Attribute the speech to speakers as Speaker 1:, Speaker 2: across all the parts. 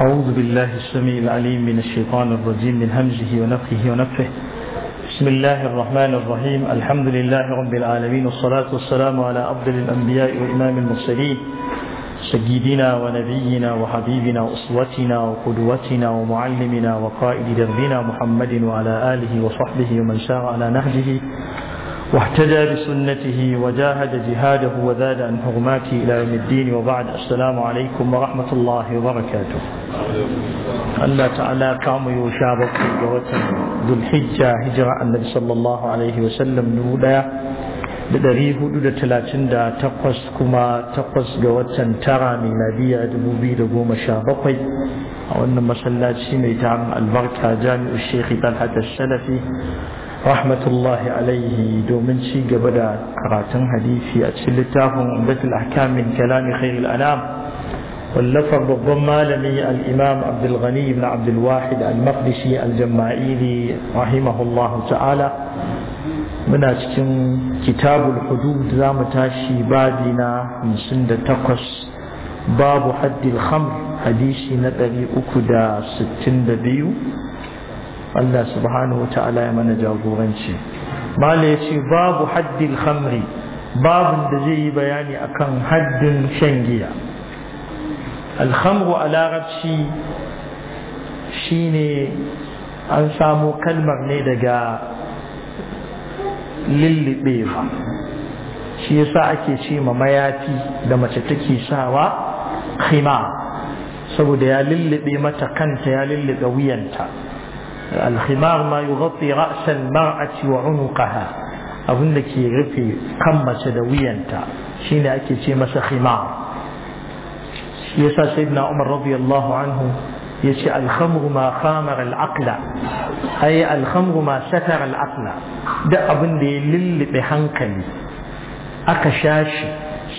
Speaker 1: أعوذ بالله السميع العليم من الشيطان الرجيم من همزه ونفخه ونفخه بسم الله الرحمن الرحيم الحمد لله رب العالمين والصلاة والسلام على أفضل الأنبياء وإمام المرسلين سيدنا ونبينا وحبيبنا وأسوتنا وقدوتنا ومعلمنا وقائد دربنا محمد وعلى آله وصحبه ومن سار على نهجه واحتجى بسنته وجاهد جهاده وزاد عن حرماته إلى يوم الدين وبعد السلام عليكم ورحمة الله وبركاته الله تعالى كام يشابك ذو الحجة هجرة النبي صلى الله عليه وسلم نولا da ɗari hudu da talatin da takwas kuma takwas ga watan tara miladiya dubu biyu da goma sha bakwai a wannan masallaci mai taron albarka jami'u shekhi talhat salafi rahmatullahi alaihi domin ci gaba da karatun hadisi a cikin littafin umdatul ahkamin kalami khairul anam wallafar babban malami al-imam abdul ghani ibn abdul wahid al-maqdisi al-jamma'ili rahimahullahu ta'ala muna cikin kitabul hudud zamu tashi babi na 58 babu haddil khamr hadisi na 362 Allah subhanahu ta'ala ya mana jagoranci mala ya ce babu haddil khamri babu da zai yi bayani akan haddin shan giya alhamru a larabci shine an samo kalmar ne daga lullubewa shi yasa ake ce ma mayafi da mace take sawa khima saboda ya lillibe mata kanta ya lillibe wuyanta الخمار ما يغطي رأس المرأة وعنقها أظن كي غفي قمة سدوية أنت شين أكي شيء مسا خمار يسا سيدنا عمر رضي الله عنه يسي الخمر ما خامر العقل أي الخمر ما ستر العقل ده أظن دي لل بحنكلي أكشاش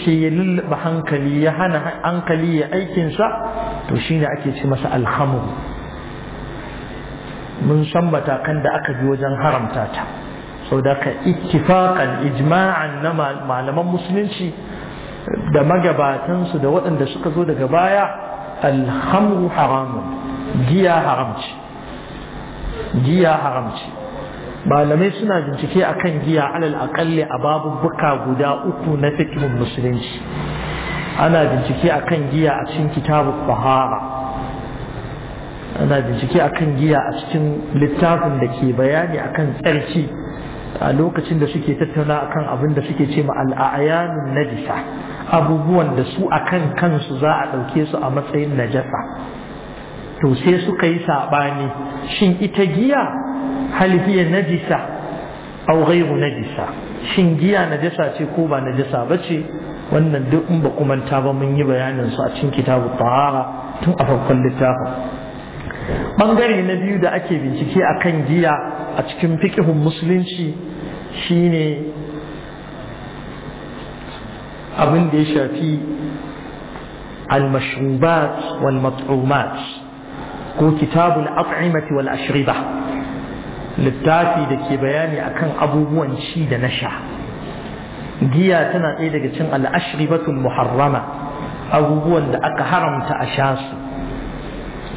Speaker 1: شيء لل بحنكلي يهنا أنكلي أي كنسا شين أكي شيء مسا الخمر mun san matakan da aka bi wajen haramta ta sau da ka ittifaqan ijma'an na malaman musulunci da magabatansu da waɗanda suka zo daga baya alhamru haramun giya haramci giya haramci malamai suna bincike akan giya alal aƙalli a babubuka guda uku na fikimin musulunci ana bincike akan giya a cikin kitabu fahara ana bincike akan giya a cikin littafin da ke bayani akan tsarki a lokacin da suke tattauna akan abin da suke ce ma al'ayanun najisa abubuwan da su akan kansu za a ɗauke su a matsayin najasa to sai suka yi saɓani shin ita giya halifiya najisa au na najisa shin giya najasa ce ko ba najasa ba ce wannan duk in ba kumanta ba mun yi bayanin su a cikin kitabu tahara tun a farkon littafin bangare na biyu da ake bincike a kan giya a cikin fikihun musulunci shine abin da ya shafi al ko kitabul at'imati wal ashriba littafi da ke bayani akan abubuwan ci da na sha giya tana ɗaya daga cin al muharrama abubuwan da aka haramta a sha su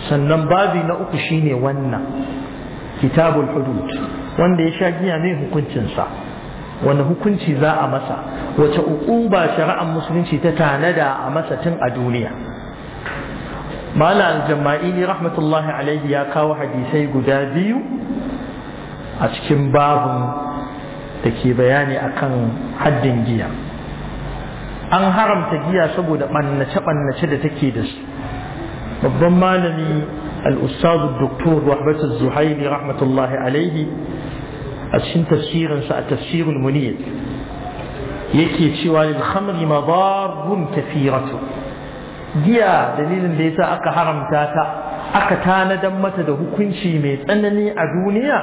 Speaker 1: sannan babi na uku shine wannan kitabul hudud wanda ya sha giya ne hukuncinsa wani hukunci za a masa wace uquba shari'ar musulunci ta tanada a masa tun a duniya malam ne, rahmatullahi alaihi ya kawo hadisai guda biyu a cikin babun da ke bayani akan haddin giya an haramta giya saboda ɓannace-ɓannace da take da su babban malami al'ustadu doktor wahbatu zuhaili rahmatullahi alaihi a cikin tafsirinsa a tafsirin muniyar yake cewa lil khamri madarrun kathiratu giya dalilin da yasa aka haramta ta aka tanadan mata da hukunci mai tsanani a duniya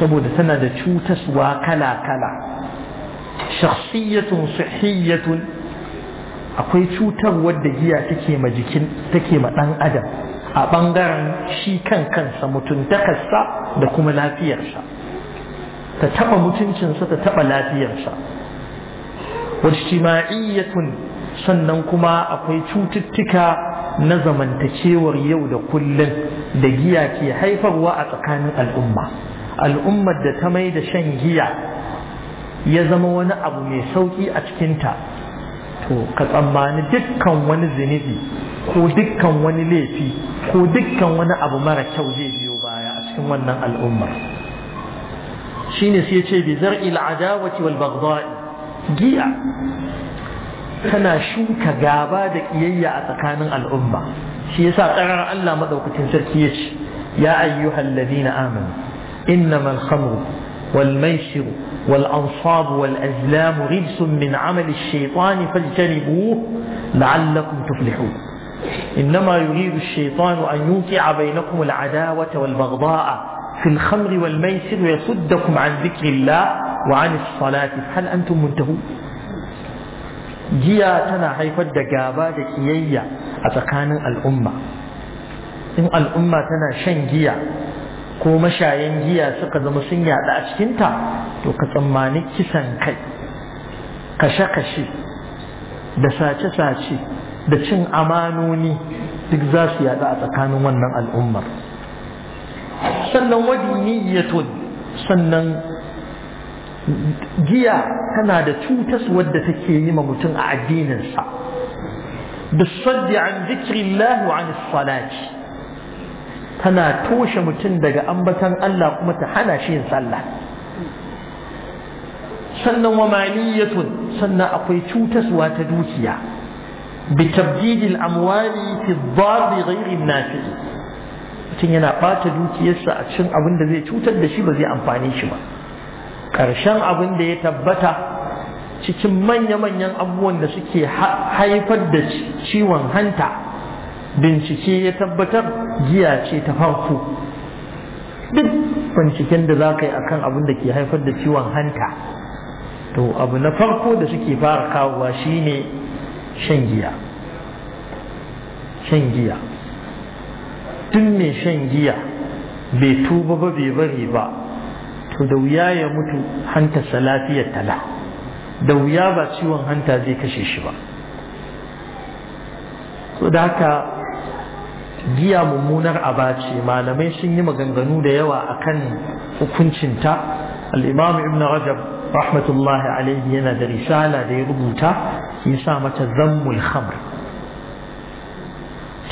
Speaker 1: saboda tana da cutaswa kala kala shakhsiyatun sihhiyatun akwai cutar wadda giya take ma jikin take ma dan adam a bangaren shi kan kansa mutuntakarsa da kuma lafiyarsa ta taba mutuncinsa ta taba lafiyarsa wajtima'iyyatun sannan kuma akwai cututtuka na zamantakewar yau da kullun da giya ke haifarwa a tsakanin al'umma al'ummar da ta mai da shan giya ya zama wani abu mai sauki a cikinta to ka tsammani dukkan wani zunubi ko dukkan wani laifi ko dukkan wani abu mara kyau zai biyo baya a cikin wannan al'ummar shine sai ce bi zar'i al'adawati wal giya tana shuka gaba da kiyayya a tsakanin al'umma shi yasa tsarar Allah madaukakin sarki yace ya ayyuhal ladina amanu innamal khamru wal maisiru والأنصاب والأزلام رجس من عمل الشيطان فاجتنبوه لعلكم تفلحون إنما يريد الشيطان أن يوقع بينكم العداوة والبغضاء في الخمر والميسر ويصدكم عن ذكر الله وعن الصلاة هل أنتم منتهون جيا تنا حيفر دقابا دكيية أتقان الأمة إن الأمة تنا شنجية ko mashayan giya suka zama sun yaɗa a cikinta to ka tsammani kisan kai kashe-kashe da sace-sace da cin amanoni duk za su yaɗa a tsakanin wannan al'ummar sannan wadiniyyatun sannan giya tana da cutas wadda take yi ma mutum a addininsa bisaddi an zikrillah wa an salati tana toshe mutum daga ambatar Allah kuma ta hana shi yin sallah sannan wa maniyatun sannan akwai cutaswa ta dukiya bi tabdidil amwali fi dhari ghairi nafi'i mutum yana bata dukiyarsa a cikin abin da zai cutar da shi ba zai amfani shi ba karshen abin da ya tabbata cikin manya-manyan abubuwan da suke haifar da ciwon hanta bincike ya tabbatar giya ce ta farko duk binciken da za ka yi akan abin da ke haifar da ciwon hanta to abu na farko da suke fara kawowa shine shan giya shan giya tun mai shan giya bai tuba ba bai bari ba to da wuya ya mutu hantarsa lafiyar tala da wuya ba ciwon hanta zai kashe shi ba so da haka giya mummunar abaci malamai sun yi maganganu da yawa akan hukuncinta al ibn rajab rahmatullahi alaihi yana da risala da ya rubuta yasa mata zammul khamr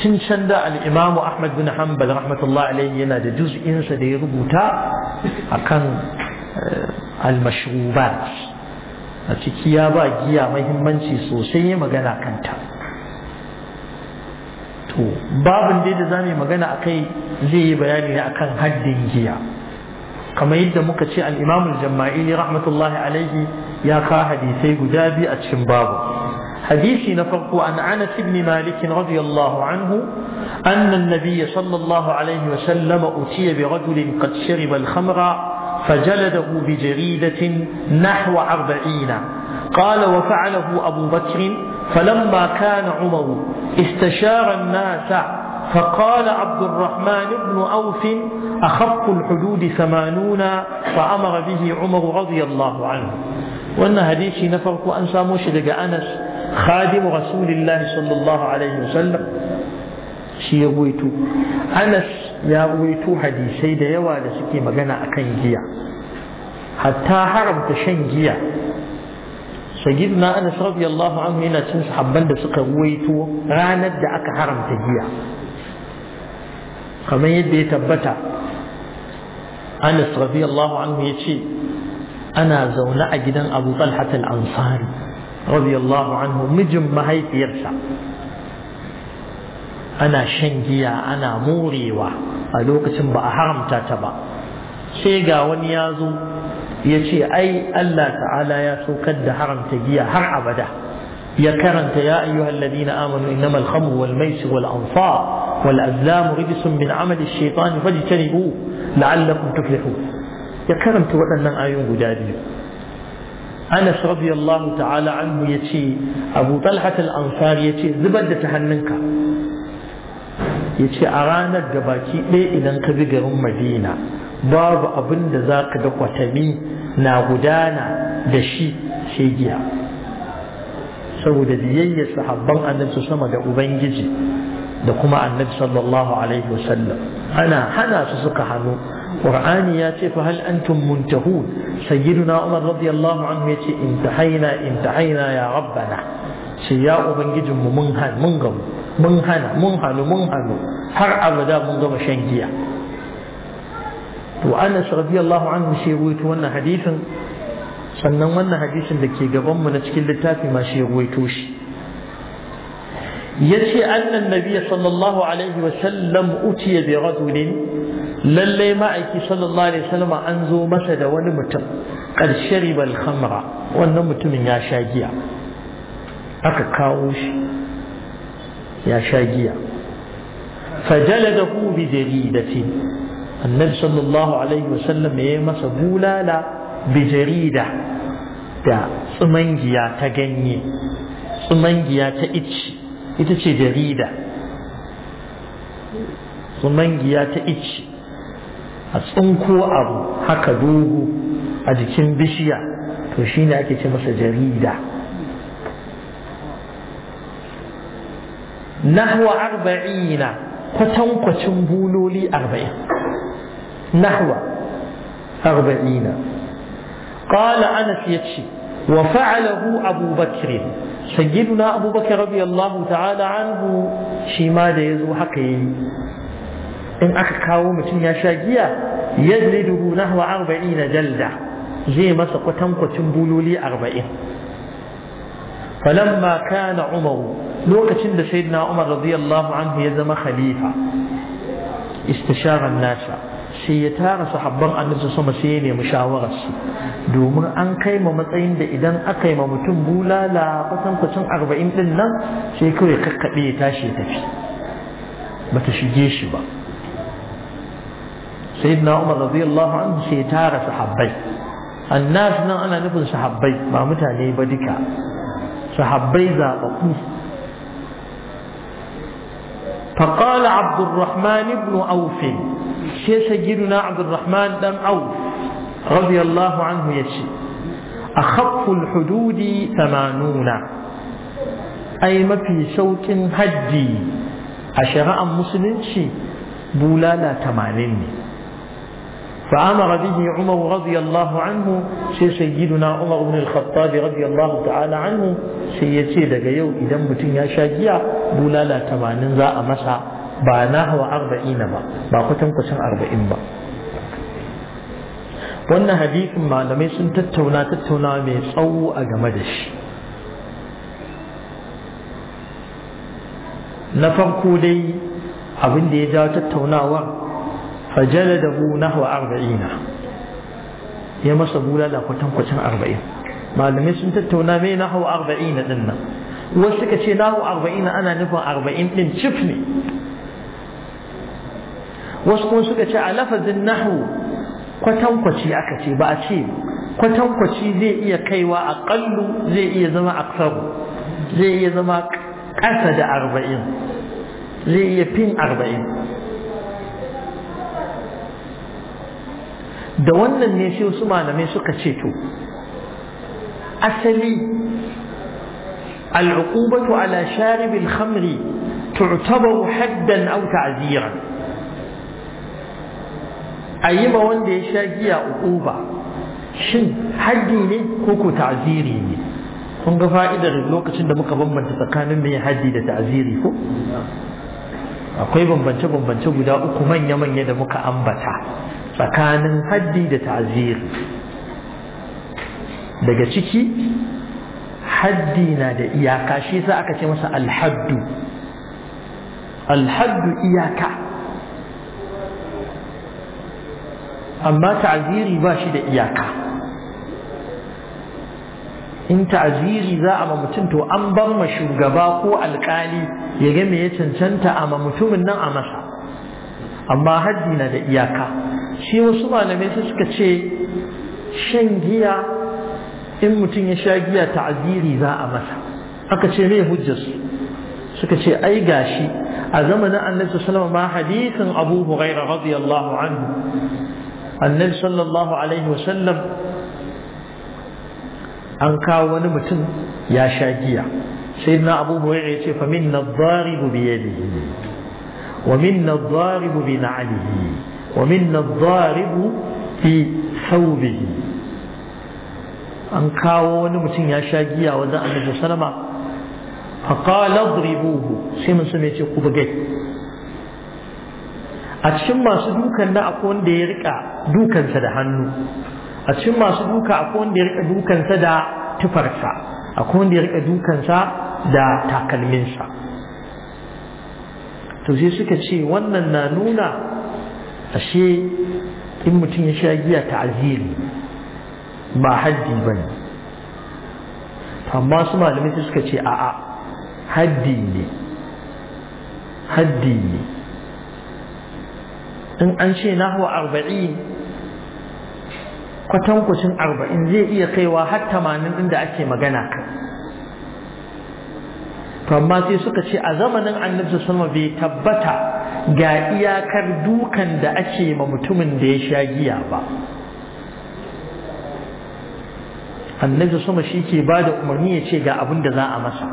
Speaker 1: tun can da ahmad bin hanbal rahmatullahi alaihi yana da juz'insa da ya rubuta akan eh, al a ciki ya ba giya mahimmanci sosai magana kanta to babin dai da zamu magana akai zai yi bayani ne akan haddin giya kamar yadda muka ce al-Imam al jammai rahmatullahi alayhi ya ka hadisi guda biyu a cikin babu حديثي نفرق عن أنس بن مالك رضي الله عنه أن النبي صلى الله عليه وسلم أتي برجل قد شرب الخمر فجلده بجريدة نحو أربعين قال وفعله أبو بكر فلما كان عمر استشار الناس فقال عبد الرحمن بن أوف أخف الحدود ثمانون فأمر به عمر رضي الله عنه وأن هديش نفرق أن ساموش أنس خادم رسول الله صلى الله عليه وسلم شي يغويتو أنس يا غويتو هديشي سيدة يوا سكي مغانا أكن جيا حتى حرمت شن جيا sayyidina Anas radiyallahu anhu yana cin sahabban da suka waito ranar da aka haramta giya kamar yadda ya tabbata Anas radiyallahu anhu ya ce ana zaune a gidan Abu Talha ansari radiyallahu anhu mijin mahaifiyarsa ana shan giya ana morewa a lokacin ba a haramta ta ba sai ga wani ya zo ya ce ai Allah ta'ala ya saukar da haramta giya har abada ya karanta ya ayyuhal ladina amanu innamal khamru wal maisir wal ansar wal azlam rijsun min amali shaytan fajtanibu la'allakum tuflihun ya karanta waɗannan ayoyin guda biyu Anas radiyallahu ta'ala anhu yace Abu Talha al-Ansari yace zubar da ta hannunka yace a ranar da baki ɗaya idan ka bi garin Madina babu abin da za ka ga kwatami na gudana da shi sai giya saboda biyayyar sahabban annabi sama da ubangiji da kuma annabi sallallahu alaihi wasallam ana hana su suka hannu qur'ani ya ce fa hal antum muntahun sayyiduna umar radiyallahu anhu ya ce intahaina intahaina ya rabbana sai ya ubangijin mu mun hana mun gamu mun hana mun hanu mun hanu har abada mun gama shan giya to anas radiyallahu anhu shi ruwaito wannan hadisin sannan wannan hadisin da ke gabanmu na cikin littafi ma shi ruwaito shi yace annan nabiyyi sallallahu alaihi wa sallam utiya bi rajulin lalle ma'aiki sallallahu alaihi wasallam an zo masa da wani mutum karshe ribal khamra wannan mutumin ya sha giya aka kawo shi ya sha giya فجلده بجريدة annabi sallallahu alaihi wasallam ya yi masa bulala bijarida da tsumangiya ta ganye tsumangiya ta ici ita ce jarida Tsimangiya ta ici a tsinko a haka dogo a jikin bishiya to shine ake ci masa jarida nahwa arba'ina kwatankwacin buloli arba'in نحو أربعين قال أنس يتشي وفعله أبو بكر سيدنا أبو بكر رضي الله تعالى عنه شيما دا يزو حقي إن أكا كاو متن يا شاجية يجلده نحو أربعين جلدة زي ما قتن قتن بولولي أربعين فلما كان عمر لوكتن سيدنا عمر رضي الله عنه يزم خليفة استشار الناس sai ya tara sahabban annabi sama sai ya nemi shawararsu domin an kai ma matsayin da idan aka yi ma mutum bulala kusan kucin arba'in din nan sai kawai kakkaɓe ya tashi ya tafi bata shige shi ba sayyidina umar radiyallahu anhu sai ya tara sahabbai annas nan ana nufin sahabbai ba mutane ba duka sahabbai zaɓaɓɓu فقال عبد الرحمن بن عوف شيخ سيدنا عبد الرحمن بن عوف رضي الله عنه يشي أخف الحدود ثمانون أي ما في شوك هدي أشراء مسلم شي لا تمانين فأمر به عمر رضي الله عنه شي سيدنا عمر بن الخطاب رضي الله تعالى عنه شي يشي لك يوم إذا متن يا شاكيا لا تمانين ذا أمسها ba na hawa arba'in ba ba kusan arba'in ba wannan hadisin malamai sun tattauna tattauna mai tsawo a game da shi na farko dai abin da ya jawo tattaunawa fajala da bu na hawa arba'ina ya masa bula da bulala kwatankwacin arba'in malamai sun tattauna mai na hawa arba'ina din nan wasu ka ce na hawa arba'ina ana nufin arba'in din cif ne wasu kuma suka ce a lafazin nahu kwatankwaci aka ce ba a ce kwatankwaci zai iya kaiwa a aƙallu zai iya zama a aksaru zai iya zama ƙasa da arba'in zai iya fin arba'in da wannan ne shi wasu malamai suka ce to asali al'uqubatu ala sharibil khamri تعتبر حدا أو تعزيرا a yi ba wanda ya sha giya uku ba, shin haddi ne ko ko ta'ziri ne kun ga fa'idar lokacin da muka bambanta tsakanin mai haddi da ta'ziri ko akwai bambance-bambance guda uku manya-manya da muka ambata tsakanin haddi da ta'ziri daga ciki haddi na da iyaka shi sa aka ce masa alhaddu alhaddu iyaka amma ta'ziri ba shi da iyaka in ta'ziri za a ma mutum to an bar ma shugaba ko alkali ya ga me ya cancanta a ma mutumin nan a masa amma haddi na da iyaka shi wasu malamai su suka ce shan giya in mutum ya sha giya ta'ziri za a masa aka ce me hujjarsu suka ce ai gashi a zamanin annabi sallallahu alaihi wasallam ma hadisin Abu Hurairah radiyallahu anhu annabi sallallahu alaihi wasallam an kawo wani mutum ya sha giya sai na abu hurairah ya ce fa minna dharibu bi yadihi wa minna dharibu bi na'alihi wa minna dharibu fi thawbihi an kawo wani mutum ya sha giya wajen annabi sallama fa qala dribuhu sai mun sun ce ku bugai a cikin masu dukan na akwai wanda ya rika dukansa da hannu a cikin masu duka akwai wanda ya rika dukansa da tufarsa akwai wanda ya rika dukansa da takalminsa to sai suka ce wannan na nuna ashe in mutum ya sha giya ta ta'aziri ba haddi ba ne amma su malamai suka ce a'a haddi ne haddi ne in an ce na nahwa arba'in kwatankwacin arba'in zai iya kaiwa har tamanin inda ake magana kan amma sai suka ce a zamanin annabta sama bai tabbata ga iyakar dukan da ake ma mutumin da ya sha giya ba annabta sama shi ke ba da umarni ya ce ga abin da za a masa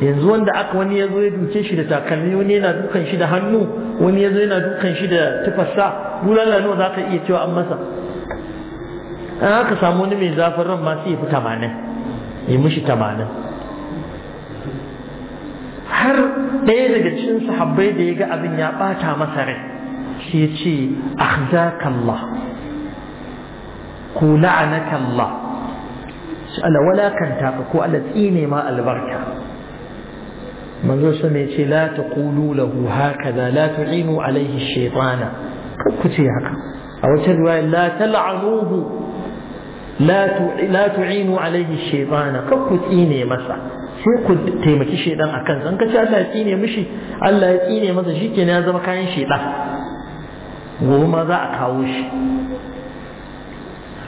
Speaker 1: yanzu wanda aka wani ya zo ya duke shi da takalmi wani yana dukan shi da hannu wani ya zo yana dukan shi da tufasa bulala nawa za ka iya cewa an masa an aka samu wani mai zafin ran ma sai ya fi tamanin ya mushi tamanin har ɗaya daga cikin sahabbai da ya ga abin ya ɓata masa rai shi ya ce ahzakallah ko la'anakallah shi ala kan ka ko ala tsine ma albarka manzo su ne ce la taqulu lahu hakaza la tu'inu alaihi shaytana ku ce haka a wata riwaya la la'anuhu la tu'inu alaihi shaytana kar ku tsine masa sai ku taimaki shaydan akan san kace Allah ya tsine mishi Allah ya tsine masa shikenan ya zama kayan shaydan gobe ma za a kawo shi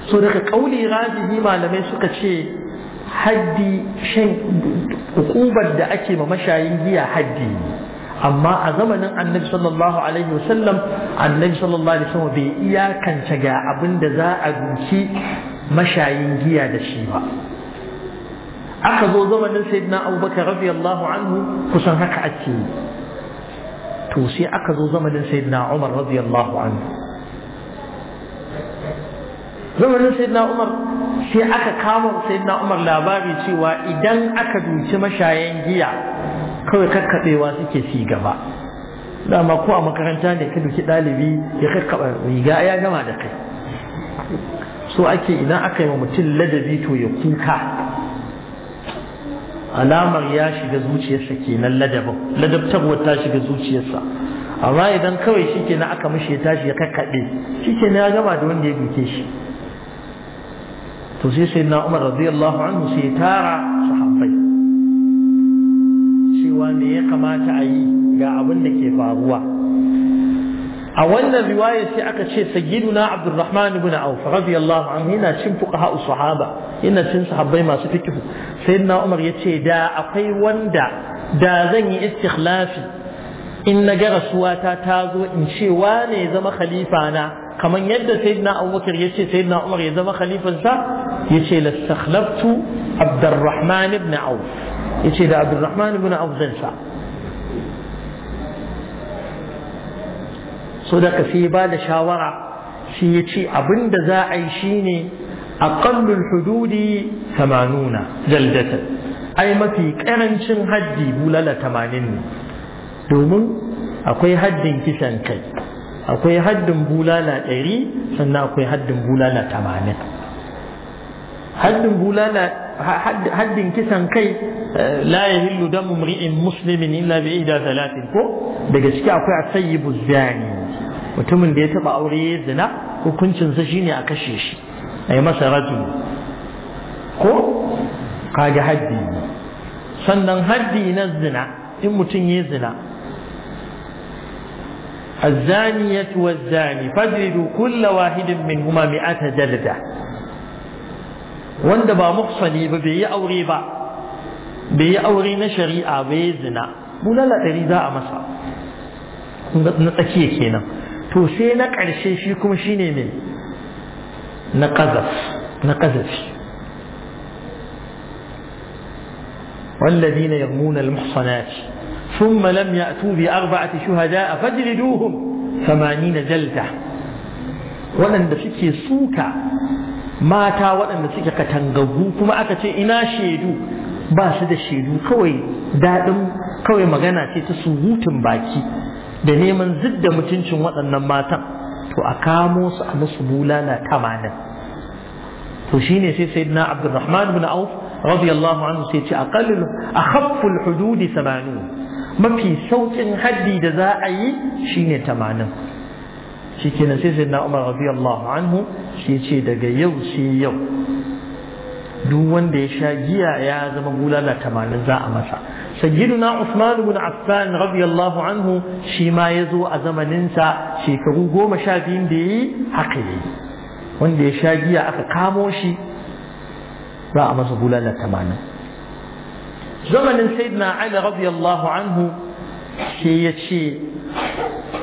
Speaker 1: so daga kauli rajihi malamai suka ce haddi shan hukubar da ake ma mashayin giya haddi amma a zamanin annabi sallallahu alaihi wasallam annabi sallallahu alaihi wasallam bai iyakance ga abin da za a duki mashayin giya da shi ba aka zo zamanin sayyidina abubakar radiyallahu anhu kusan haka ake to sai aka zo zamanin sayyidina umar radiyallahu anhu zamanin sayyidina umar sai aka kama sayyidina umar labari cewa idan aka duci mashayan giya kawai kakkaɓewa suke si gaba dama ko a makaranta ne ka duki ɗalibi ya kakkaɓa riga ya gama da kai so ake idan aka yi wa mutum ladabi to ya kuka alamar ya shiga zuciyarsa kenan ladabin ladabtarwar ta shiga zuciyarsa amma idan kawai shi kenan aka mashi ya tashi ya kakkaɓe shi kenan ya gama da wanda ya duke shi توسي سيدنا عمر رضي الله عنه سيتارا صحابي سيواني كما تعي يا ابن لك فاغوا اول الرواية في سيدنا عبد الرحمن بن عوف رضي الله عنه هنا شن فقهاء الصحابة هنا شن صحابي ما سفكه سيدنا عمر يتشي دا اقي وندا دا زني استخلافي إن جرس واتا تازو إن شواني زم خليفانا كمن يد سيدنا أبو بكر يشي سيدنا عمر يزم خليفة يتي لاستخلفت عبد الرحمن بن عوف يتي عبد الرحمن بن عوف زنسا صدق في بال شاورا في يتي أبن دزا عيشيني أقل الحدود ثمانون جلدة أي ما في كرنشن هدي بولالة ثمانين دومن أقوي هدين كسان كي أقوي هدين بولالة إري سنة أقوي هدين بولالة ثمانين haddin bulala haddin kisan kai eh, la yahillu damu mri'in muslimin illa bi ida talatin ko daga ciki akwai a asayyibu zani mutumin da ya taba aure ya zina hukuncin sa shine a kashe shi a yi masa rajul ko kaga haddi sannan haddi na zina in mutum ya zina الزانية والزاني فاجلدوا كل واحد منهما مئة جلدة wanda ba muhsani ba bai yi aure ba bai yi aure na shari'a bai yi zina bulala ɗari za a masa na tsakiya kenan to sai na ƙarshe shi kuma shine mai na ƙazaf na ƙazafi والذين يرمون المحصنات ثم لم يأتوا بأربعة شهداء فاجلدوهم ثمانين جلدة ولن سكي سوكا mata waɗanda suke katangagu kuma aka ce ina shaidu ba su da shaidu kawai daɗin kawai magana ce ta surutun baki da neman zidda mutuncin waɗannan matan to a kamo su a musu bulala tamanin to shine sai sayyidina abdurrahman bin auf radiyallahu anhu sai ce aqallul akhafful hududi 80 mafi saukin haddi da za a yi shine 80 shikenan sai na umar radiyallahu anhu shi ce daga yau sai yau duk wanda ya sha giya ya zama bulala tamanin za a masa sayyiduna Usman ibn Affan radiyallahu anhu shi ma ya zo a zamaninsa shekaru goma sha biyun da yi haka yi wanda ya sha giya aka kamo shi za a masa bulala tamanin zamanin sayyidina Ali radiyallahu anhu sai ya ce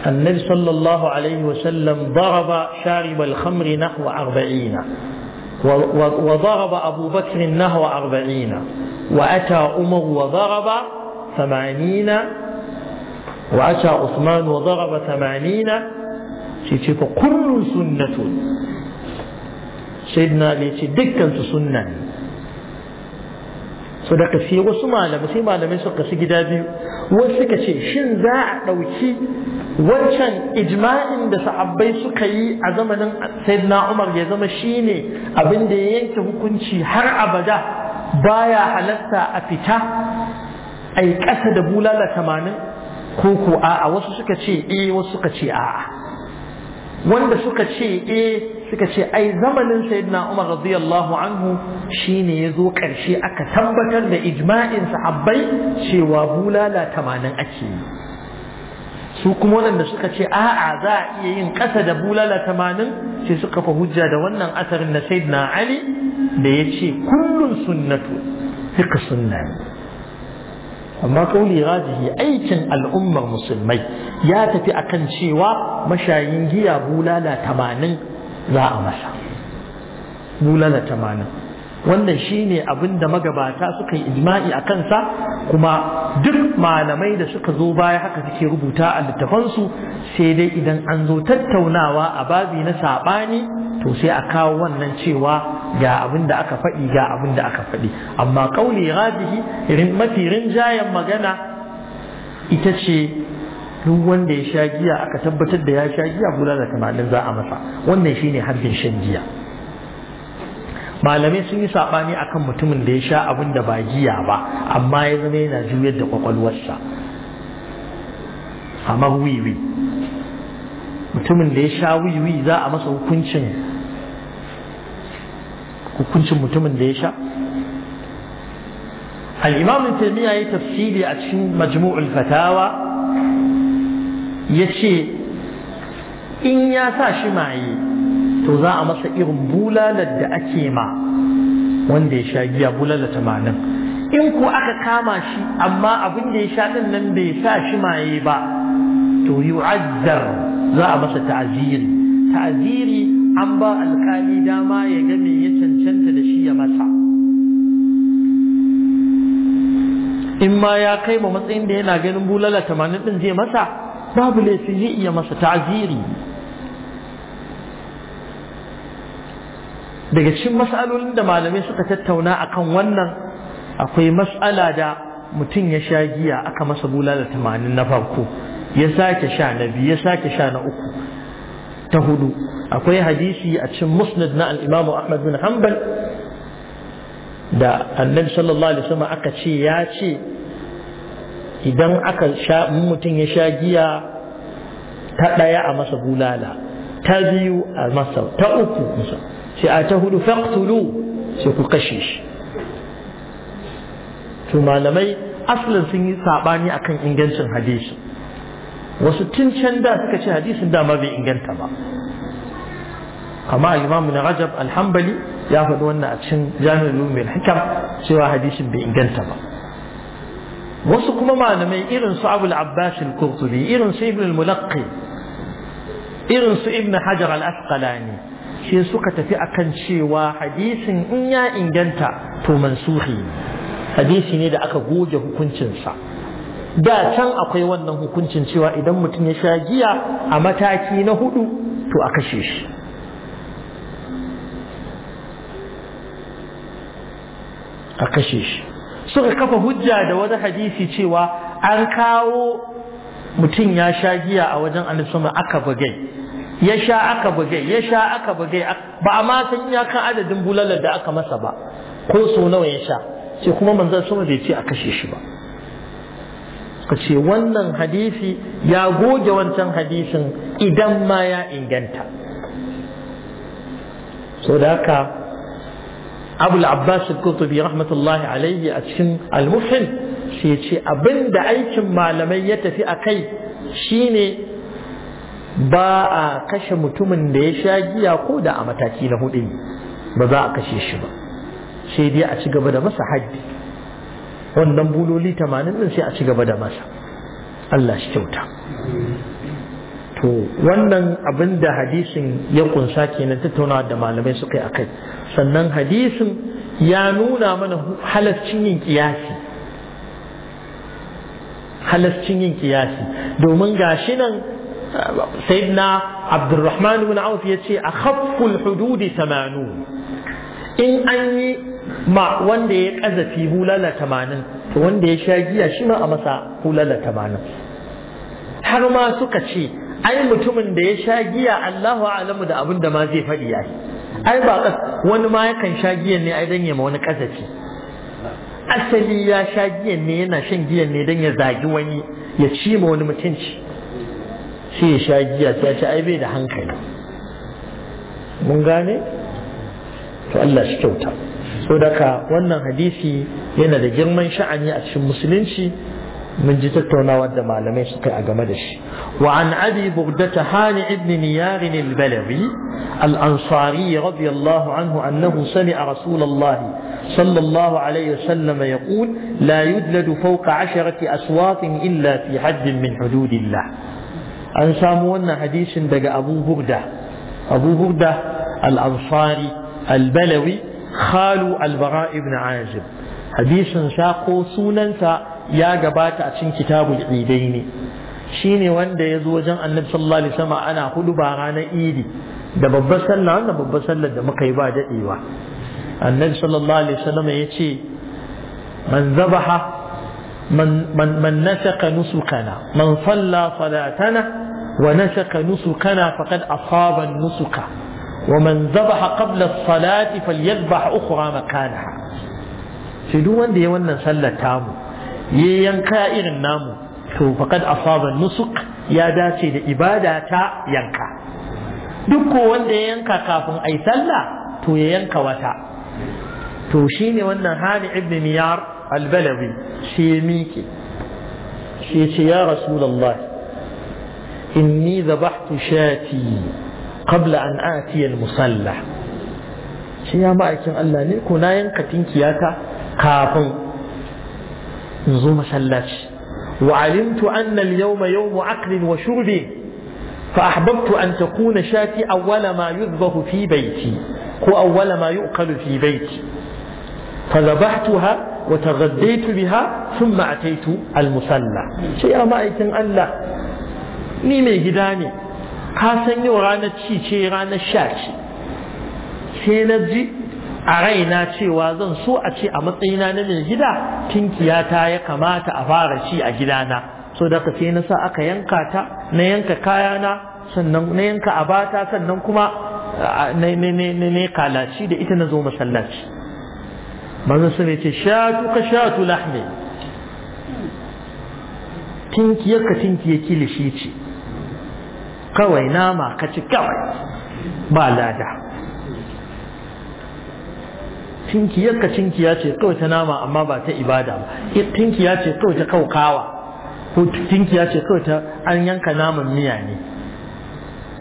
Speaker 1: النبي صلى الله عليه وسلم ضرب شارب الخمر نحو أربعين وضرب أبو بكر نحو أربعين وأتى عمر وضرب ثمانين وأتى عثمان وضرب ثمانين كل سنة سيدنا ليش سنة so da sai wasu malamai sai malamai suka gida biyu wasu suka ce shin za a ɗauki wancan ijma'in da sa'abbai suka yi a zamanin sayyidina umar ya zama shine abin da ya yanke hukunci har abada baya halatta a fita ai ƙasa da bulala tamanin ko ko a'a wasu suka ce eh wasu suka ce a'a wanda suka ce eh suka ce ai zamanin sayyidina Umar radiyallahu anhu shine ya zo ƙarshe aka tabbatar da ijma'in sahabbai cewa bulala tamanin ake yi su kuma waɗanda suka ce a'a za a iya yin ƙasa da bulala tamanin sai suka fa hujja da wannan asarin na sayyidina Ali da ya ce kullum sunnatu duka sunna amma kauli rajihi aikin al'ummar musulmai ya tafi akan cewa mashayin giya bulala tamanin za a masa bulala tamanin wannan shine abin da magabata suka yi ijma'i a kansa kuma duk malamai da suka zo baya haka suke rubuta a littafansu sai dai idan an zo tattaunawa a babi na saɓani to sai a kawo wannan cewa ga abin da aka faɗi ga abin da aka faɗi amma ƙauli rajihi mafi rinjayen magana ita ce duk wanda ya sha giya aka tabbatar da ya sha giya da tamanin za a masa wannan shine haddin shan giya malamai sun yi saɓani akan mutumin da ya sha abin da ba giya ba amma ya zama yana juyar da kwakwalwarsa a mahuwiwi mutumin da ya sha wiwi za a masa hukuncin hukuncin mutumin da ya sha al-imam taymiya ya tafsiri a cikin majmu'ul fatawa ya ce in ya sa shi maye to za a masa irin bulalar da ake ma wanda ya sha giya bulalar tamanin in ko aka kama shi amma abin da ya sha din nan bai sa shi maye ba to yi yu'azzar za a masa ta'aziri ta'aziri an ba alkali dama ya ga me ya cancanta da shi ya masa in ma ya kai ma matsayin da yana ganin bulala tamanin ɗin zai masa babu laifin zai iya masa ta'aziri daga cikin mas'alolin da malamai suka tattauna akan wannan akwai mas'ala da mutum ya sha giya aka masa bulala tamanin na farko ya sake sha na biyu ya sake sha na uku ta hudu akwai hadisi a cikin musnad na al-imamu ahmad bin hanbal da annabi sallallahu alaihi wasallam aka ce ya ce idan aka sha mutum ya sha giya ta ɗaya a masa bulala ta biyu a masa ta uku sai a ta hudu faqtulu sai ku kashe shi to malamai asalin sun yi saɓani akan ingancin hadisi wasu tun can da suka ce hadisin dama bai inganta ba amma al-imam na rajab alhambali ya faɗi wannan a cikin jami'ul ulum hikam cewa hadisin bai inganta ba wasu kuma malamai irin su abul abbas al-qurtubi irin su ibn al-mulaqqi irin su ibn hajar al-asqalani shi suka tafi akan cewa hadisin in ya inganta to mansuhi hadisi ne da aka goge hukuncinsa da can akwai wannan hukuncin cewa idan mutum ya sha giya a mataki na hudu to a kashe shi a kashe shi suka kafa hujja da wani hadisi cewa an kawo mutum ya sha giya a wajen annabi aka bugai ya sha aka bugai ya sha aka bugai ba a ma san kan adadin bulalar da aka masa ba ko so nawa ya sha sai kuma manzon sama bai ce a kashe shi ba suka ce wannan hadisi ya goge wancan hadisin idan ma ya inganta so da haka abul abbas al-qutubi rahmatullahi alaihi a cikin al-mufhim sai ce abinda aikin malamai ya tafi akai shine ba a kashe mutumin da ya sha giya ko da a mataki na hudu ba za a kashe shi ba sai dai a ci gaba da masa haddi wannan buloli 80 din sai a ci gaba da masa Allah shi kyauta to wannan abin da hadisin ya kunsa kenan tattaunawa da malamai suka yi akai sannan hadisin ya nuna mana halascin yin kiyasi halascin yin kiyasi domin gashi nan sayyidina abdurrahman ibn auf ya ce a khafful hududi tamanu in an ma wanda ya kazafi bulala 80 to wanda ya sha giya shi ma a masa bulala tamanin har ma suka ce ai mutumin da ya sha giya Allahu alamu da abin da ma zai faɗi yayi ai ba wani ma yakan sha giyan ne ai dan ya ma wani kasafi. asali ya sha giyan ne yana shan giyan ne dan ya zagi wani ya ci ma wani mutunci shi ya sha giya sai ya ci ai bai da hankali mun gane to Allah shi kyauta so daga wannan hadisi yana da girman sha'ani a cikin musulunci من جتتنا ودما لم يشتق أجمدش وعن أبي بغدة حان ابن نيار البلوي الأنصاري رضي الله عنه أنه سمع رسول الله صلى الله عليه وسلم يقول لا يدلد فوق عشرة أصوات إلا في حد من حدود الله أن سامونا حديث دق أبو بغدة أبو بغدة الأنصاري البلوي خالو البراء بن عازب حديث ساقو سونا سا ya gabata a cikin kitabul idaini shine wanda ya zo wajen annabi sallallahu alaihi wasallam ana hudu ba ranar idi da babbar sallah wannan babbar sallar da muka yi ba dadewa annabi sallallahu alaihi wasallam ya ce man zabaha من من من نسك نسكنا من صلى صلاتنا ونسك نسكنا فقد أصاب النسك ومن ذبح قبل الصلاة فليذبح أخرى مكانها شدوان دي وانا صلى تامو yi yanka irin namu to faqad asaba nusuk ya dace da ibada ta yanka duk ko wanda ya yanka kafin ai sallah to ya yanka wata to shine wannan hani ibn miyar al-balawi shi miki shi ce ya rasulullah inni zabahtu shati qabla an ati al-musalla shi ya ma'aikin Allah ne ko na yanka tinkiyata kafin نزوم سلاش وعلمت أن اليوم يوم عقل وشرب فأحببت أن تكون شاتي أول ما يذبح في بيتي هو أول ما يؤكل في بيتي فذبحتها وتغديت بها ثم أتيت المسلى شيء ما يتن الله نيمي هداني خاصني ورانا تشي شي رانا شاتي سينجي a raina cewa zan so a ce a matsayina na mai gida tinkiyata ya kamata a fara ci a gidana so da ka sai na sa aka yanka ta na yanka kayana sannan na yanka a bata sannan kuma na ne kalaci da ita na zo masallaci manzon sai ce shatu ka shatu lahmi tinkiyar ka tinkiyar kilishi ce kawai nama ka ci kawai ba lada tinkiyarka tinkiya ce kawai ta nama amma ba ta ibada ba tinkiya ce kawai ta kaukawa ko tinkiya ce kawai ta an yanka naman miya ne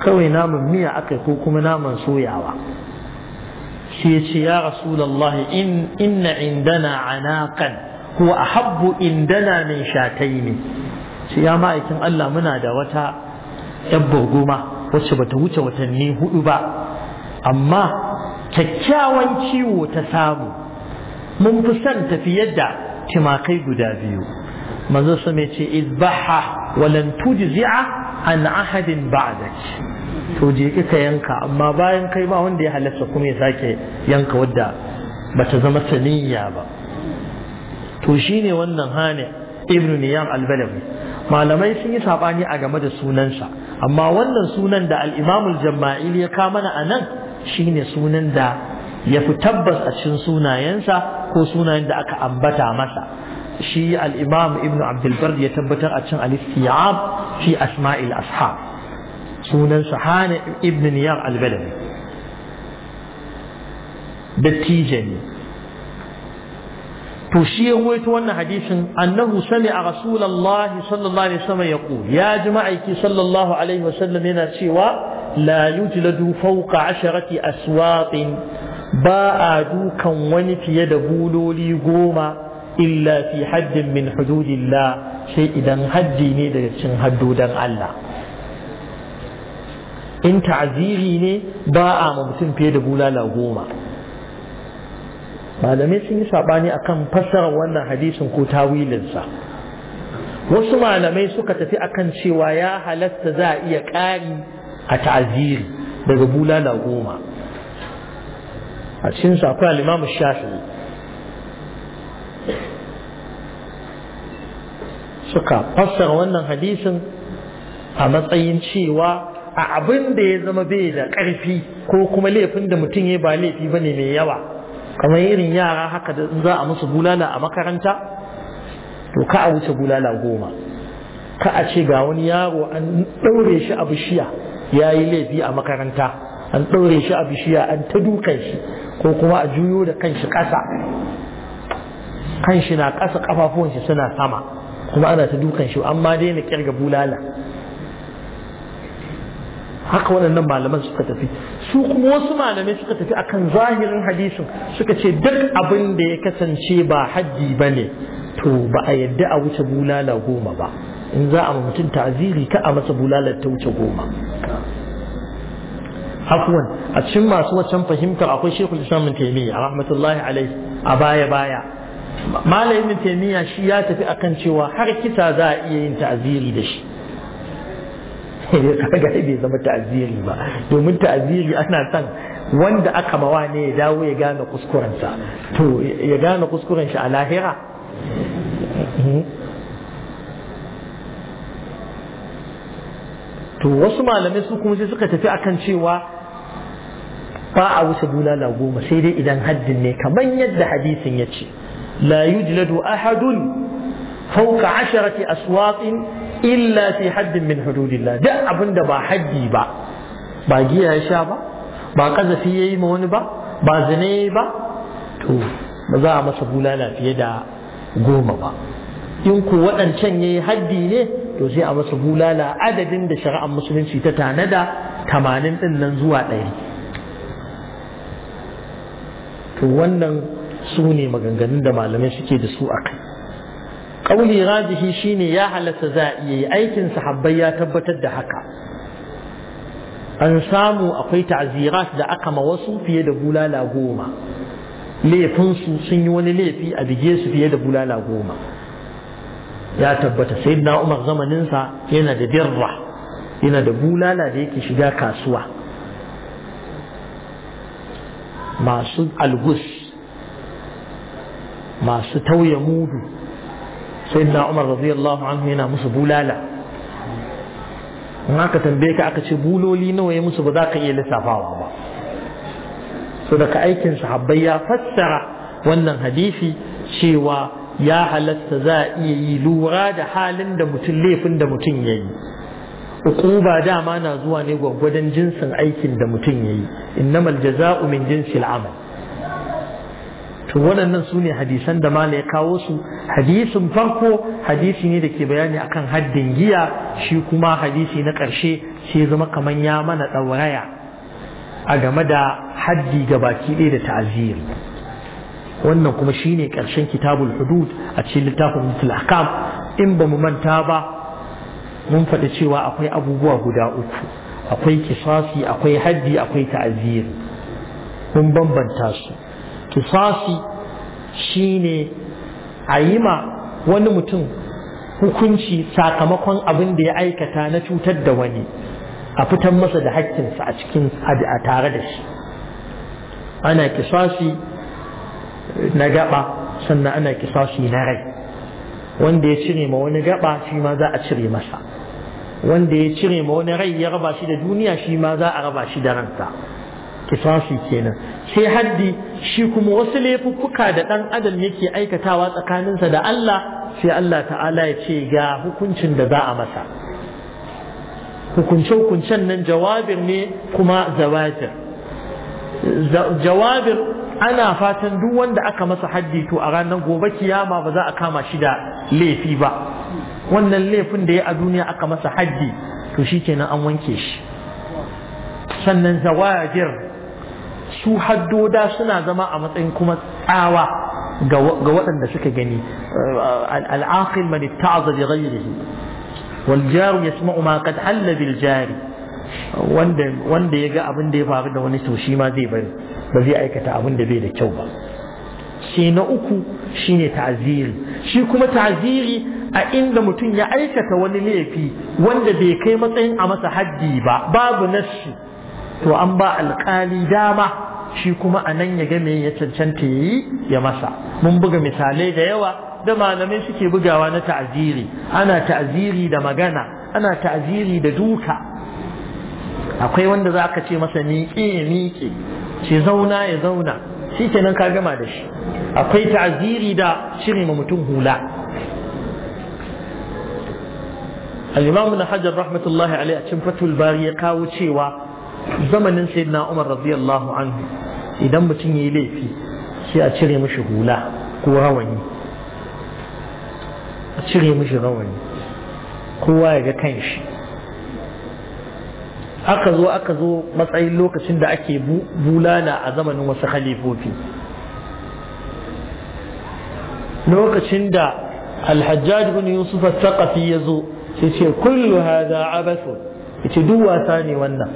Speaker 1: kawai naman miya aka ko kuma naman soyawa shi ya ce ya rasulallahi in inna indana anaqan huwa ahabbu indana min shataini shi ya ma'aikin Allah muna da wata yabbar goma wacce bata wuce watanni hudu ba amma kyakkyawan ciwo ta samu mun fi son tafi yadda timakai guda biyu manzo su mai ce izbaha walan tujzi'a an ahadin ba'dak to je ka yanka amma bayan kai ba wanda ya halarta kuma ya sake yanka wadda bata zama saniya ba to shine wannan hane ibn niyam al-balawi malamai sun yi sabani a game da sunansa amma wannan sunan da al-imam al ya kama mana anan shine sunan da ya fi tabbas a cikin sunayensa ko sunayen da aka ambata masa shi al-imam ibnu abdulbar ya tabbatar a cikin al-istiyab fi asma'il ashab sunan sahana ibn niyar al-balawi dattijo ne to shi ya ruwaito wannan hadisin annahu sami'a rasulullahi sallallahu alaihi wasallam ya ya ji ma'aiki sallallahu alaihi wasallam yana cewa la yujladu fawqa asharati aswaqin ba a dukan wani fiye da buloli goma illa fi haddin min hududillah sai idan haddi ne daga cikin haddodan Allah in ta'aziri ne ba'a ma mutum fiye da bulala goma malamai sun yi sabani akan fassarar wannan hadisin ko tawilinsa wasu malamai suka tafi akan cewa ya halatta za iya ƙare. a ta'aziri daga bulala goma a cikin su akwai al Shafi Shafi'i suka fassara wannan hadisin a matsayin cewa a abin da ya zama bai da ƙarfi ko kuma laifin da mutum ya ba laifi ne mai yawa kamar irin yara haka da za a musu bulala a makaranta to ka a wuce bulala goma ka a ce ga wani yaro an ɗaure shi a bishiya ya yi laifi a makaranta an ɗaure shi a bishiya an ta dukan shi ko kuma a juyo da kanshi ƙasa kanshi na ƙasa ƙafafuwan shi suna sama kuma ana ta dukan shi amma daina ƙirga bulala haka waɗannan malaman suka tafi su kuma wasu malamai suka tafi akan zahirin hadisin suka ce duk abin da ya kasance ba haddi ba ne to ba a yadda a wuce bulala goma ba in za a mutum ta'aziri ka a masa bulalar ta wuce goma afwan a cikin masu waccan fahimtar akwai shekul islam taimiyya rahmatullahi alaihi a baya baya malamin taimiyya shi ya tafi akan cewa har kisa za a iya yin ta'aziri da shi kaga bai zama ta'aziri ba domin ta'aziri ana son wanda aka mawa ne ya dawo ya gane kuskurensa to ya gane kuskuren shi a lahira hmm? to wasu malamai su kuma sai suka tafi akan cewa ba a wuce bulala goma sai dai idan haddin ne kamar yadda hadisin ya ce la yujladu ahadun fawqa asharati aswaqin illa fi haddin min hududillah duk abinda ba haddi ba ba giya ya sha ba ba kazafi yayi ma wani ba ba zane ba to ba za a masa bulala fiye da goma ba in ku waɗancan yayi haddi ne to sai a masa bulala adadin da shari'ar musulunci ta tanada tamanin din nan zuwa ɗari to wannan su ne maganganun da malamai suke da su a kai ƙauli rajihi shine ya halatta za a yi aikin sahabbai ya tabbatar da haka an samu akwai ta'zirat da aka ma wasu fiye da bulala goma laifinsu sun yi wani laifi a bige su fiye da bulala goma ya tabbata sayyidina umar zamaninsa yana da dirra yana da bulala da yake shiga kasuwa masu algus masu tauye mudu sayyidina umar radiyallahu anhu yana musu bulala in aka tambaye ka aka ce buloli nawa ya musu ba za ka iya lissafawa ba so daga aikin sahabbai ya fassara wannan hadisi cewa ya halatta za a iya yi lura da halin da mutum laifin da mutum ya yi uquba dama na zuwa ne gwaggwadon jinsin aikin da mutum ya yi innamal jaza'u min jinsil amal to waɗannan su ne hadisan da mala ya kawo su hadisin farko hadisi ne da ke bayani akan haddin giya shi kuma hadisi na ƙarshe sai zama kamar ya mana ɗauraya a game da haddi gabaki ɗaya da ta'aziyar. wannan kuma shine karshen kitabul hudud a cikin littafin mutul ahkam in ba mu manta ba mun faɗi cewa akwai abubuwa guda uku akwai kisasi akwai haddi akwai ta'azir mun bambanta su kisasi shine a yi ma wani mutum hukunci sakamakon abin da ya aikata na cutar da wani a fitan masa da hakkinsa a cikin a tare da shi ana kisasi na gaba sannan ana kisashi na rai wanda ya cire ma wani gaba shi ma za a cire masa wanda ya cire ma wani rai ya raba shi da duniya shi ma za a raba shi da ransa shi kenan sai haddi shi kuma wasu laifuffuka da ɗan adam yake aikatawa tsakaninsa da Allah sai Allah ta'ala ya ce ga hukuncin da za a masa hukunce-hukuncen nan jawabin ne kuma zawatir jawabin ana fatan duk wanda aka masa haddi to a ranar gobe kiyama ba za a kama shi da laifi ba wannan laifin da ya a duniya aka masa haddi to shi kenan an wanke shi sannan zawajir su haddoda suna zama a matsayin kuma tsawa ga waɗanda suka gani al'aqil man itta'aza bi ghayrihi wal jaru yasma'u ma qad halla bil jari wanda ya ga abin da ya faru da wani to shi ma zai bari ba zai aikata abin da bai da kyau ba shi na uku shine ta'aziri, shi kuma ta'aziri a inda mutum ya aikata wani laifi wanda bai kai matsayin a masa haddi ba babu nashi to an ba alkali dama shi kuma a nan ya ga me ya cancanta yayi ya masa mun buga misalai da yawa da malamai suke bugawa na ta'aziri, ana ta'aziri da magana ana ta'aziri da duka akwai wanda za ka ce masa miƙe miƙe ce zauna ya zauna shi kenan ka gama da shi akwai ta'aziri da cire ma mutum hula al-imam na hajar rahmatullahi alaihi a cikin fatul bari ya kawo cewa zamanin sayyidina umar radiyallahu anhu idan mutum yayi laifi sai a cire mishi hula ko rawani a cire mishi rawani kowa ya ga shi aka zo aka zo matsayin lokacin da ake bulala a zamanin wasu khalifofi lokacin da alhajjaj bin yusuf al-thaqafi ya zo sai ce kullu hadha abathu yace duk wasa ne wannan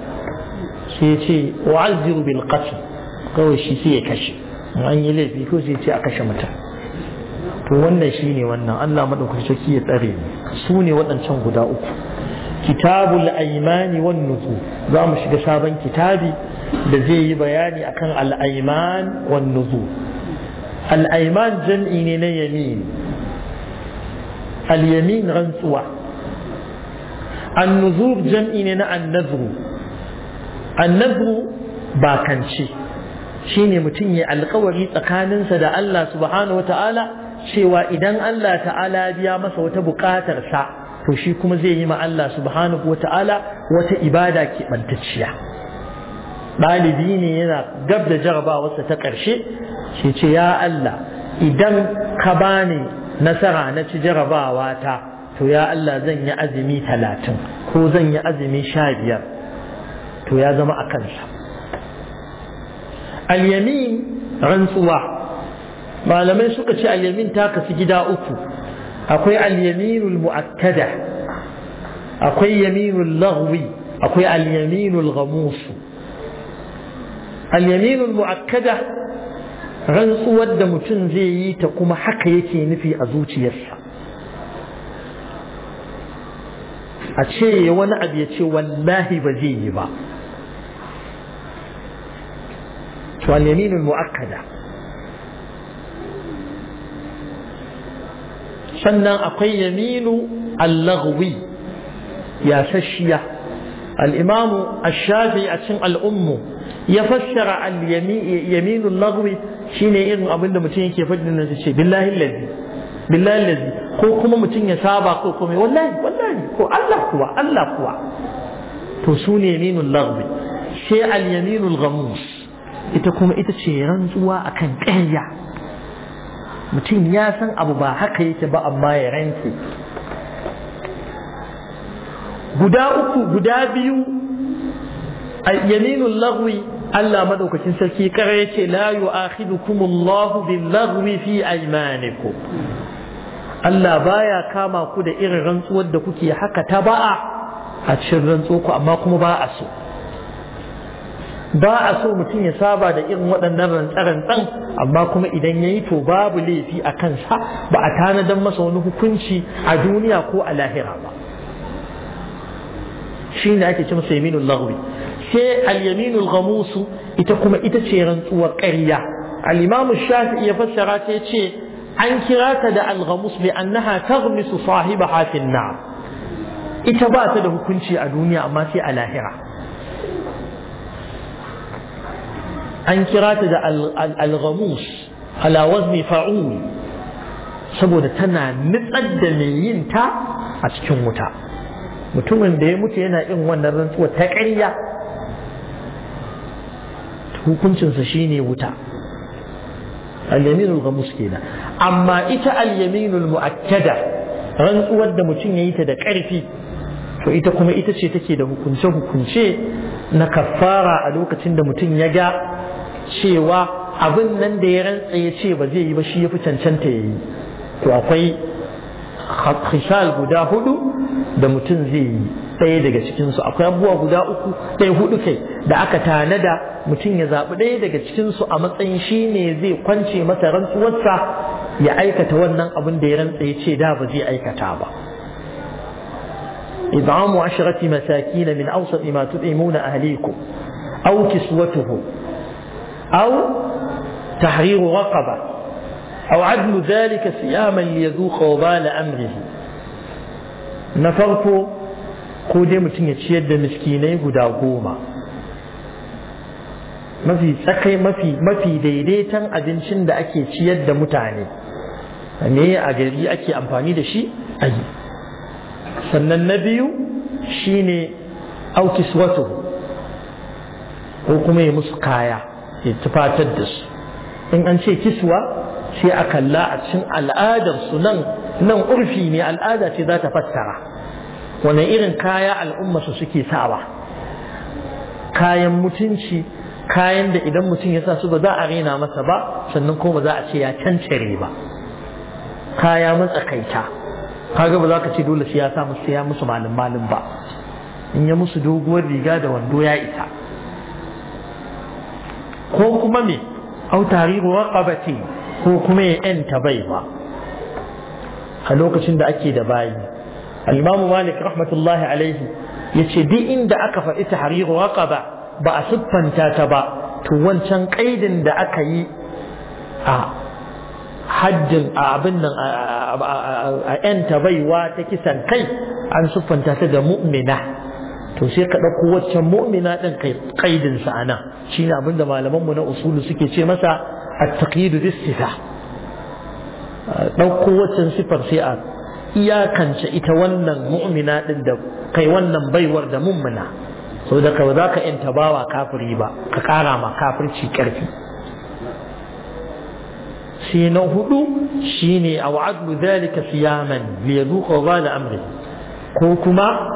Speaker 1: sai ya ce wa'azziru bil qatl kawai shi sai ya kashe an yi laifi ko sai ya ce a kashe mutum to wannan shine wannan Allah madaukakin ya tsare su ne waɗancan guda uku kitabul aimani wan nuzu za mu shiga sabon kitabi da zai yi bayani akan al'aiman wan nuzu al'aiman jam'i ne na yamin al-yamin rantsuwa an-nuzur jam'i ne na an-nazru an-nazru bakance shine mutum ya alkawari tsakaninsa da Allah subhanahu wa ta'ala cewa idan Allah ta'ala ya biya masa wata buƙatarsa. to shi kuma zai yi ma Allah subhanahu Ta'ala wata ibada keɓantacciya ɗalibi ne yana gab da jarabawarsa ta ƙarshe shi ce ya Allah idan ka bani nasara na ci jarabawa ta to ya Allah zan yi azumi talatin ko zan yi azumi sha biyar to ya zama a kansa al-yamin rantsuwa malamai suka ce al-yamin ta kasu gida uku akwai al-yaminul mu'akkada akwai yaminul laghwi akwai al-yaminul ghamus al-yaminul mu'akkada rantsuwar da mutum zai yi ta kuma haka yake nufi a zuciyarsa a ce wani abu ya ce wallahi ba zai yi ba to al-yaminul mu'akkada sannan akwai yaminu allagwi yasashiya al'imamu ashafi a cin al'ummu ya fassara al-yaminu lagwi shine irin abin da mutum yake faɗin nan ce billahi lazi billahi lazi ko kuma mutum ya saba ko kuma wallahi wallahi ko Allah kuwa Allah kuwa to su ne yaminul lagwi sai al yaminu al ghamus ita kuma ita ce rantsuwa akan ƙarya mutum ya san abu ba haka yake ba amma ya ranke guda uku guda biyu yaminul lagwi Allah madaukakin sarki kare yace la yu'akhidukumullahu bil lagwi fi aymanikum Allah baya kama ku da irin rantsuwar da kuke haka ta ba'a a cikin rantsuwar ku amma kuma ba a so ba a so mutum ya saba da irin waɗannan rantsarantsan amma kuma idan ya yi to babu laifi a kansa ba a tanadar masa wani hukunci a duniya ko a lahira ba shi ne ake cin yaminul lagwi sai al-yaminul ghamusu ita kuma ita ce rantsuwar ƙarya alimamu imamu ya fassara ta ce an kira ta da al-ghamus bi annaha taghmisu sahibaha fi ita ba ta da hukunci a duniya amma sai a lahira an kira ta da alghamus ala wazni fa'ul saboda tana nitsar da mai yin ta a cikin wuta mutumin da ya mutu yana yin wannan rantsuwa ta ƙarya hukuncinsa shine wuta al-yaminul ghamus kenan amma ita al-yaminul mu'akkada rantsuwar da mutum yayi ta da ƙarfi to ita kuma ita ce take da hukunce-hukunce na kafara a lokacin da mutum ya ga cewa abin nan da ya rantsa ya ce ba zai yi ba shi ya fi cancanta ya yi to akwai hisal guda hudu da mutum zai yi ɗaya daga cikinsu akwai abubuwa guda uku ɗaya hudu kai da aka tanada mutum ya zaɓi ɗaya daga cikinsu a matsayin shi ne zai kwance masa rantsuwarsa ya aikata wannan abin da ya rantsa ya ce da ba zai aikata ba إطعام عشرة مساكين من أوسط ما تطعمون أهليكم أو كسوتهم أو تحرير رقبة أو عدل ذلك صياما ليذوق وبال أمره نفرق قد يمتن يتشيد مسكيني قد أقوما ما في سقي ما في ما في ديريتا أدنشن دأكي تشيد متعني أني يعني أجري أكي أمباني دشي أي سنة النبي شيني أو كسوته وقومي مسقايا ya tufatar da su in an ce kiswa sai a kalla a cikin al'adar su nan nan urfi ne al'ada ce za ta fassara wani irin kaya al'umma su suke sawa kayan mutunci kayan da idan mutum ya sa su ba za a rena masa ba sannan ko ba za a ce ya cancare ba kaya matsakaita kaga ba za ka ce dole shi ya sa musu ya musu malin malin ba in ya musu doguwar riga da wando ya ita. ko kuma me au tarihu ce? ko kuma ya yanta bai ba a lokacin da ake da bayi al-imamu malik rahmatullahi alaihi yace duk inda aka faɗi tahriru raqaba ba a siffanta ta ba to wancan kaidin da aka yi a haddin a abin nan a yanta baiwa ta kisan kai an siffanta ta da mu'mina to sai ka ɗauko waccan mu'mina ɗin kai kaidin sa anan shine abin da malaman mu na usulu suke ce masa a taqid bis ɗauko waccan sifar sai a iyakance ita wannan mu'mina ɗin da kai wannan baiwar da mummuna so da ka za ka yanta bawa kafiri ba ka kara ma kafirci karfi sai na hudu shine aw adlu dhalika siyaman li yadhuqa da amri ko kuma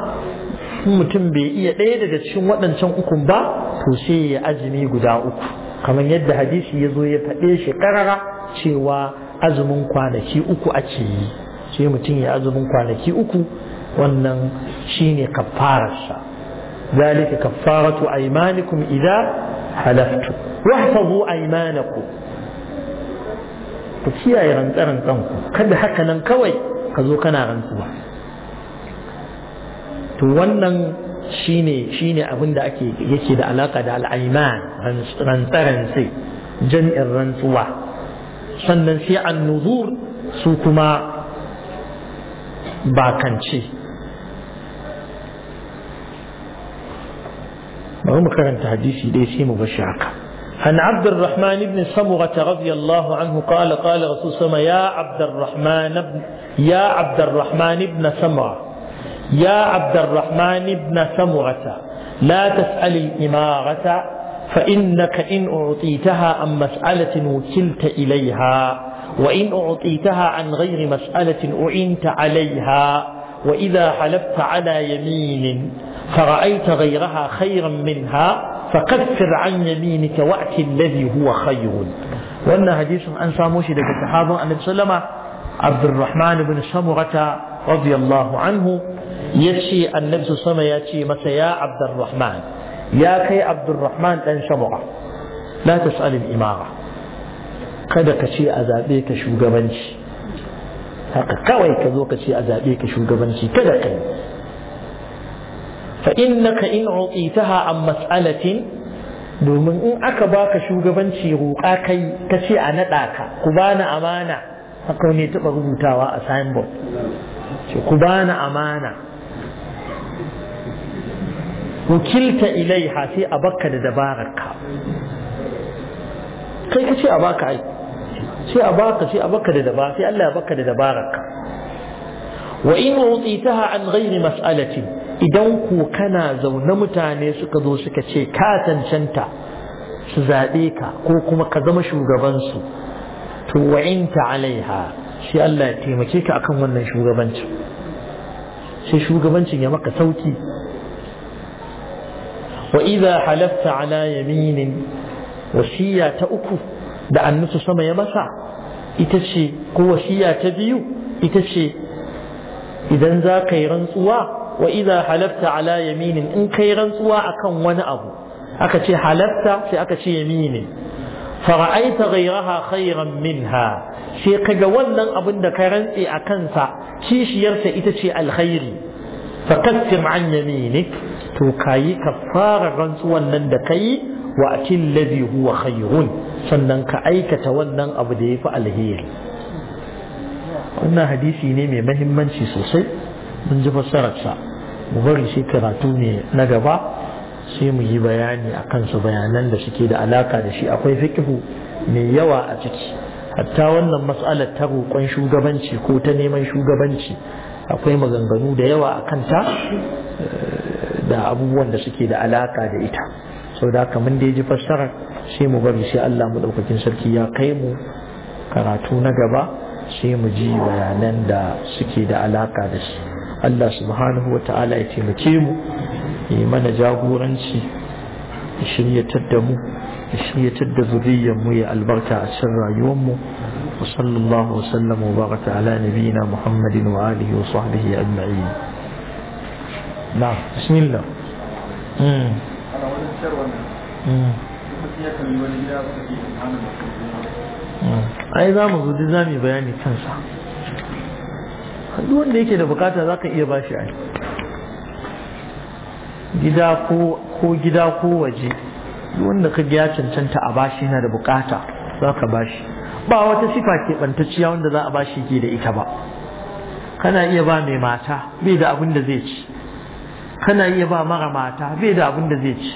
Speaker 1: in mutum bai iya ɗaya daga cikin waɗancan ukun ba to sai ya azumi guda uku kamar yadda hadisi ya zo ya faɗe shi ƙarara cewa azumin kwanaki uku ake yi sai mutum ya azumin kwanaki uku wannan shine kaffararsa ذلك kafaratu aimanikum إذا حلفتم واحفظوا أيمانكم ku kiyaye rantsan ku, kada haka nan kawai ka zo kana rantsuwa to wannan shine shine abin da ake yake da alaka da al'aiman sai jan'in rantsuwa sannan sai annuzur su kuma bakance bari mu karanta hadisi dai sai mu bashi haka عن عبد الرحمن بن صمغة رضي الله عنه قال قال رسول الله يا عبد الرحمن يا عبد الرحمن بن صمغة يا عبد الرحمن بن سمرة لا تسأل الإمارة فإنك إن أعطيتها عن مسألة وكلت إليها وإن أعطيتها عن غير مسألة أعنت عليها وإذا حلفت على يمين فرأيت غيرها خيرا منها فكفر عن يمينك وأت الذي هو خير وأن حديث أن ساموشي لك الصحابة أن عبد الرحمن بن سمرة رضي الله عنه ya ce annabi sama ya ce masa ya abdurrahman ya kai abdurrahman dan shamu'a la tas'alil imara kada ka ce a zaɓe ka shugabanci haka kawai ka zo ka ce a zaɓe ka shugabanci kada ka yi fa innaka in utitaha an mas'alatin domin in aka baka shugabanci roƙa kai ka ce a naɗa ka ku bani amana haka ne taɓa rubutawa a signboard ku bani amana wukilta ilaiha sai a baka da dabararka kai ka ce a baka ai sai a baka sai a baka da dabara sai Allah ya baka da dabararka wa in utitaha an ghairi mas'alati idan ku kana zaune mutane suka zo suka ce ka cancanta su zaɓe ka ko kuma ka zama shugabansu to wa'inta alaiha sai Allah ya taimake ka akan wannan shugabancin sai shugabancin ya maka sauki wa idza halafta ala yaminin wasiya ta uku da annabi sama ya masa ita ce ko wasiya ta biyu ita ce idan za ka yi rantsuwa wa idza halafta ala yaminin in yi rantsuwa akan wani abu aka ce halafta sai aka ce yaminin fara'aita ghayraha khayran minha ka ga wannan abin da ka rantse a kansa kishiyarsa ita ce alkhairi fakaffir an yaminik to kayi kafarar rantsuwan nan da kai wa akil ladhi huwa khayrun sannan ka aikata wannan abu da yafi alheri wannan hadisi ne mai mahimmanci sosai mun ji fassarar sa mu bari shi karatu ne na gaba sai mu yi bayani a kansu bayanan da suke da alaka da shi akwai fikihu mai yawa a ciki hatta wannan matsalar ta roƙon shugabanci ko ta neman shugabanci akwai maganganu da yawa a kanta eh, da abubuwan da suke da alaka da ita sau da haka mun da ji fassara sai mu bari sai Allah mu ɗaukakin sarki ya kai mu karatu na gaba sai mu ji bayanan da suke da alaka da shi Allah subhanahu wa ta'ala ya taimake mu yi mana jagoranci ya shiryatar da mu ya shiryatar da zuriyar mu ya albarka a cikin rayuwar mu wa sallallahu wa sallam wa baraka ala nabiyina muhammadin wa alihi wa sahbihi ajma'in na bismillah mm sharwan mm ai za mu zuci za mu bayani kansa duk wanda yake da bukata za ka iya bashi ai gida ko gida ko waje wanda ka ga cancanta a bashi na da bukata za ka bashi ba wata sifa ke bantacciya wanda za a bashi ke da ita ba kana iya ba mai mata bai da abin da zai ci kana iya ba mara mata bai da abin da zai ci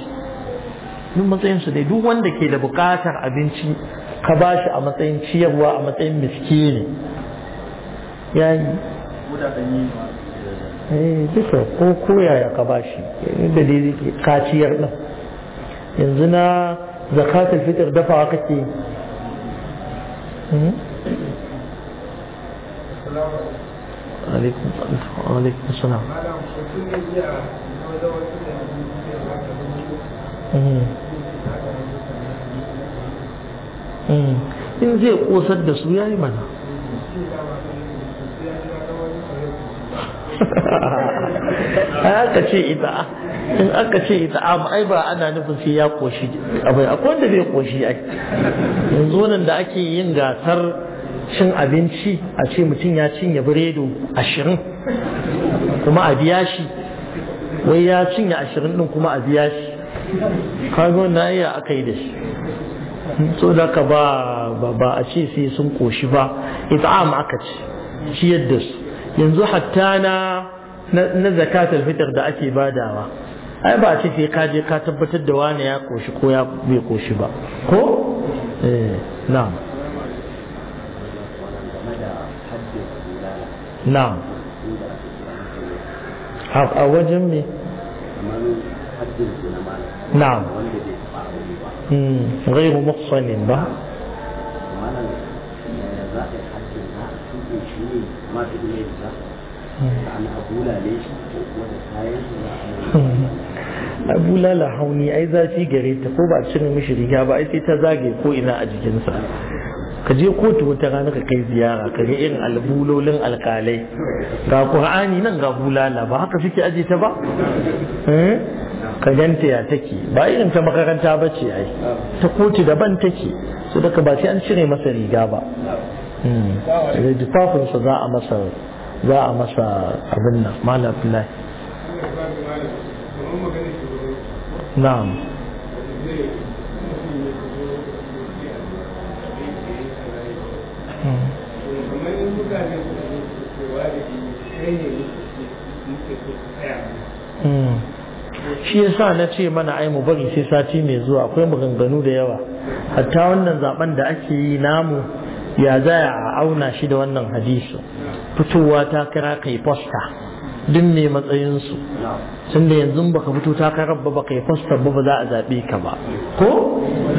Speaker 1: duk matsayinsu dai duk wanda ke da bukatar abinci ka bashi a matsayin ciyarwa a matsayin miskini yayi duka eh, ko ya ka bashi eh, da dai kaciyar ɗin yanzu na zakatul fitar dafawa kake hmm? alaikum hmm. Hmm. in zai kosar da su ya yi mana
Speaker 2: aka ce ita in aka
Speaker 1: ce ita amma ai ba ana nufin sai ya koshi abai akwai wanda bai koshi ai yanzu nan da ake yin gasar cin abinci a ce mutum ya cinye biredo ashirin kuma a biya shi wai ya cinye ashirin din kuma a biya shi kaga na iya aka yi da shi so da ka ba ba a ce sai sun koshi ba ita aka ce ciyar da su yanzu hatta na na zakatul fitr da ake badawa ai ba ce sai ka je ka tabbatar da wani ya koshi ko ya bai koshi ba
Speaker 2: ko eh na'am na'am
Speaker 1: a wajen me
Speaker 2: na'am hmm,
Speaker 1: ghairu محصن ba
Speaker 2: Hmm. shi
Speaker 1: ma hmm. hauni ai zafi gare ta ko ba a cire mishi riga ba ai sai ta zage ko ina a jikinsa ka je kotu wata rana ka kai ziyara ka ga irin albulolin alkalai ga qur'ani nan ga bulala ba haka suke aje ta ba hmm? ka ganta ya take ba irin ta makaranta ba ce ai ta kotu daban take su daga ba sai an cire masa riga ba littafinsa hmm. eh, za a masa za a masa abin nan malam abdullahi
Speaker 2: na'am hmm. Hmm.
Speaker 1: shi yasa na ce mana ai mu bari sai sati mai zuwa akwai maganganu da yawa hatta wannan zaben da ake yi namu ya za a auna shi da wannan hadisi fitowa kira kai fosta duk ne matsayinsu tun da yanzu baka fito takarar ba ba yi fosta ba ba za a zaɓe ka ba ko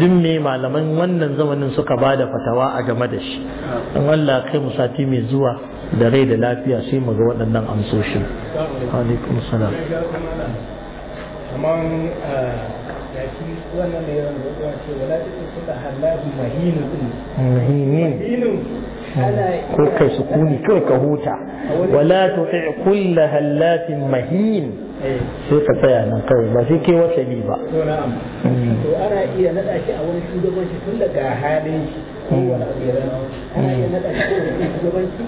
Speaker 1: duk ne malaman wannan zamanin suka ba da fatawa a game da shi in Allah kai mu sati mai zuwa da rai da lafiya sai mu ga waɗannan amsoshin alaikum
Speaker 2: eh, gashi wannan da yawan zuwa ce wala ta suka halahu mahinu mahinin ko kai sukuni
Speaker 1: kawai ka huta wala tuti kulla hallatin mahin eh. sai ka tsaya nan kawai ba sai kai wata bi ba mm.
Speaker 2: to ana iya nada shi a wani shugabanci tun daga halin shi ko wani ana iya mm. nada shi a wani shugabanci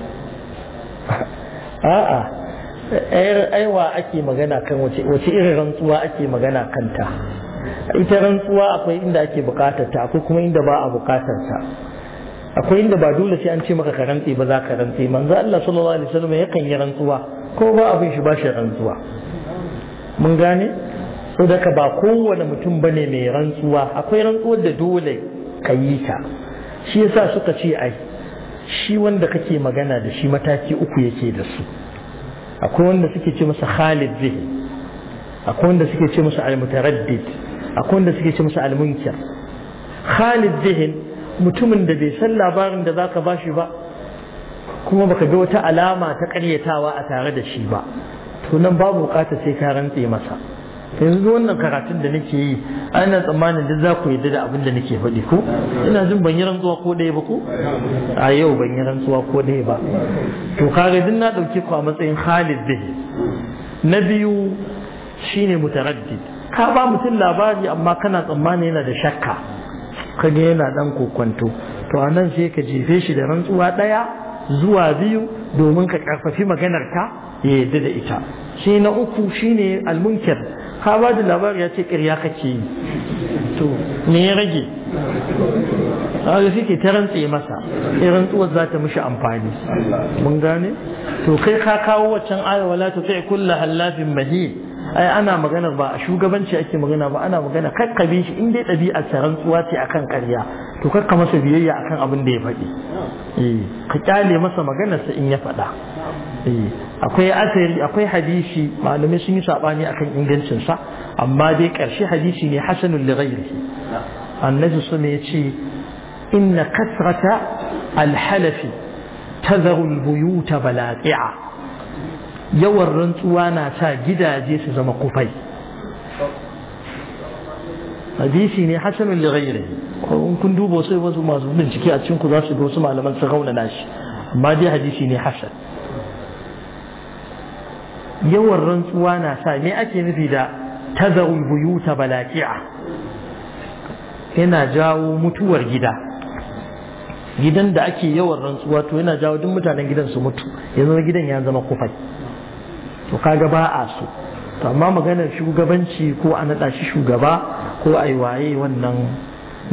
Speaker 1: a'a aiwa ake magana kan wace irin rantsuwa ake magana kanta ita rantsuwa akwai inda ake bukatar ta akwai kuma inda ba a bukatar ta akwai inda ba dole sai an ce maka ka rantsi ba za ka rantsi manzo Allah sallallahu alaihi wasallam yakan yi rantsuwa ko ba abin shi ba shi rantsuwa mun gane so daga ba kowane mutum bane mai rantsuwa akwai rantsuwar da dole ka yi ta shi yasa suka ce ai shi wanda kake magana da shi mataki uku yake da su akwai wanda suke ce masa khalid zai akwai wanda suke ce masa al-mutaraddid akwai wanda suke ce masa almunkir khalid zihin mutumin da bai san labarin da zaka bashi ba kuma baka ga wata alama ta karyatawa a tare da shi ba to nan babu bukata sai ka rantse masa yanzu wannan karatun da nake yi ana tsammanin duk za ku yarda da abin da nake faɗi ko ina jin ban yi rantsuwa ko ɗaya ba ko a yau ban yi rantsuwa ko ɗaya ba to kare duk na ɗauke ku a matsayin Khalid bihi na biyu shine mutaraddid ka ba mutum labari amma kana tsammani yana da shakka kaga yana dan kokwanto to a nan sai ka jefe shi da rantsuwa ɗaya zuwa biyu domin ka karfafi maganar ka ya yadda da ita sai na uku shine almunkir ka ba da labari ya ce ƙirya kake yi to me ya rage ga suke ta rantse masa irin tsuwar za ta mishi amfani mun gane to kai ka kawo waccan ayawala ta sai kulla hallafin mahi ai ana maganar ba a shugabanci ake magana ba ana magana kakkabe shi in dai ɗabi'a ta rantsuwa ce akan ƙarya to kakka masa biyayya akan abin da ya faɗi eh, ka kyale masa maganarsa in ya faɗa eh, akwai asali akwai hadisi malamai sun yi saɓani akan ingancin sa amma dai ƙarshe hadisi ne hasanul li ghairihi annabi sun ya ce inna kasrata alhalafi tadharu albuyuta balaqi'a yawan rantsuwa na sa gidaje su zama kufai hadisi ne hasanun da ghairi ko kun duba sai wasu masu bincike a cikin ku za su ga wasu malaman su rauna nashi amma dai hadisi ne hasan yawan rantsuwa na sa me ake nufi da tazarul ta balaki'a yana jawo mutuwar gida gidan da ake yawan rantsuwa to yana jawo duk mutanen gidan su mutu yanzu gidan ya zama kufai to kaga ba a so to amma maganar shugabanci ko a naɗa shi shugaba ko a yi waye wannan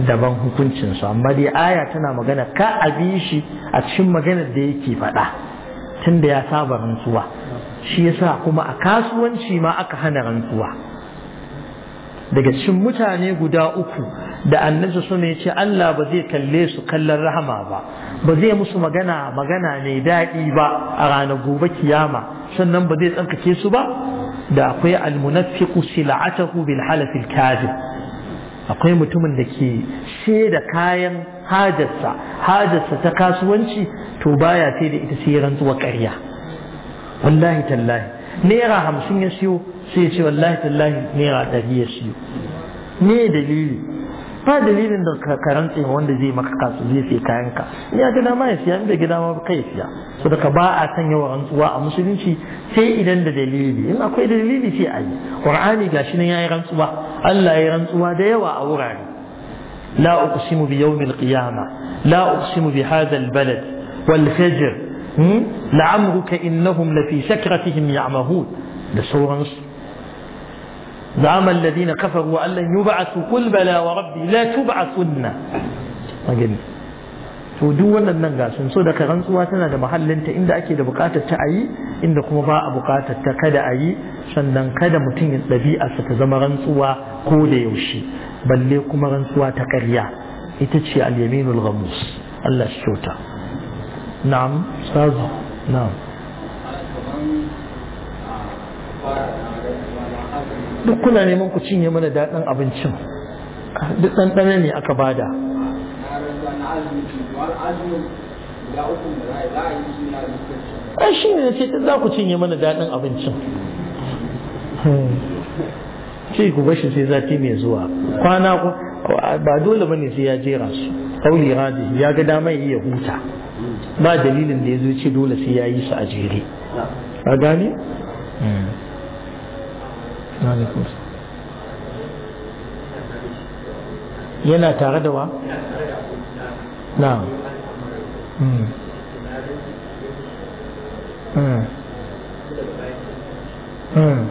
Speaker 1: daban hukuncinsu amma dai aya tana magana ka a bi shi a cikin maganar da yake faɗa tun da ya saba rantsuwa shi yasa kuma a kasuwanci ma aka hana rantsuwa daga cikin mutane guda uku da annabi suna ya ce Allah ba zai kalle su kallon rahama ba ba zai musu magana magana mai daɗi ba a ranar gobe kiyama sannan ba zai tsarkake su ba da akwai almunafiqu sil'atahu bil halafil kadhib akwai mutumin da ke shaida da kayan hajarsa hajarsa ta kasuwanci to baya sai da ita sai rantsuwa ƙarya wallahi tallahi naira hamsin ya siyo sai ya ce wallahi tallahi naira ɗari ya siyo me dalili ba dalilin da ka rantse wanda zai maka kasu zai sai kayanka in ya ga dama ya siya in bai gida dama ba kai siya so daga ba a sanya wa rantsuwa a musulunci sai idan da dalili in akwai dalili sai a yi qur'ani gashi nan yayi rantsuwa Allah yayi rantsuwa da yawa a wurare la uqsimu bi yawmil qiyamah la uqsimu bi hadha al balad wal fajr hmm? la'amruka innahum lafi sakratihim da sauransu زعم الذين كفروا أن لن يبعثوا قل بلى وربي لا تبعثن أجل ودو أن ننقص نصود كرنس واتنا ده محل أنت إن ذاك إذا بقات التعي إن دكم باء بقات التكد أي شندن كد متين لبيع ستزم رنس وقول يوشي بل لكم رنس وتكريا إتشي اليمين الغموس الله الشوتا نعم استاذ نعم duk kuna neman ku cinye mana daɗin abincin duk ɗanɗana ne aka bada a shi ne ce za ku cinye mana daɗin abincin ce hmm. ku bashi sai zati mai zuwa kwana ba dole bane sai ya jera su kauli radi ya ga dama ya huta ba dalilin da ya zo ce dole sai ya yi su a jere a gani hmm.
Speaker 2: yana tare da wa? na hmm. hmm. hmm.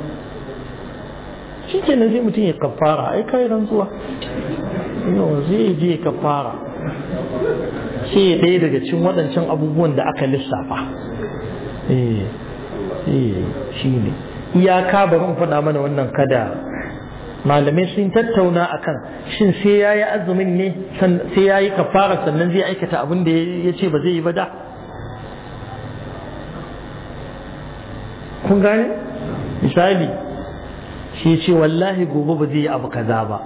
Speaker 1: shi ke nan zai mutum ya kafara ai kai rantsuwa yau zai je kafara ke ya ɗaya daga cikin waɗancan abubuwan da aka lissafa eh eh shi ne iyaka bari in faɗa mana wannan kada malamai sun tattauna akan shin sai ya yi azumin ne sai ya yi kafara sannan zai aikata abin da ya ce ba zai yi ba da kun gane misali shi ce wallahi gobe ba zai yi abu kaza ba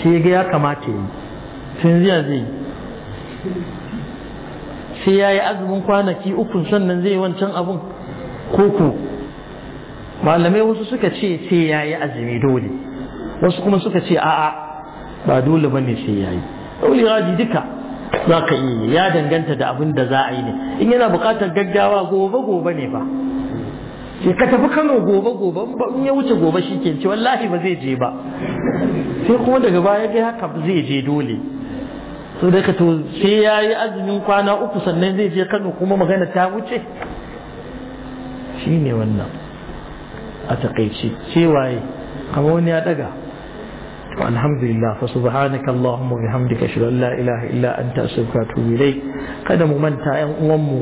Speaker 1: shi ga ya kamata yi tun ziya zai yi sai ya yi azumin kwanaki uku sannan zai yi wancan abun koko malamai wasu suka ce sai ya yi azumi dole wasu kuma suka ce a'a ba dole ba ne sai ya yi dole raji duka za ka yi ya danganta da abin da za a yi ne in yana buƙatar gaggawa gobe gobe ne ba sai ka tafi kano gobe gobe in ya wuce gobe shi ke ce wallahi ba zai je ba sai kuma daga baya ga haka zai je dole so da to sai ya yi azumin kwana uku sannan zai je kano kuma magana ta wuce shi ne wannan a taƙaice ce waye wani ya ɗaga. to alhamdulillah fa subhanaka allahumma bihamdika ashhadu an la ilaha illa anta astaghfiruka wa atubu ilayk kada mu manta yan uwan mu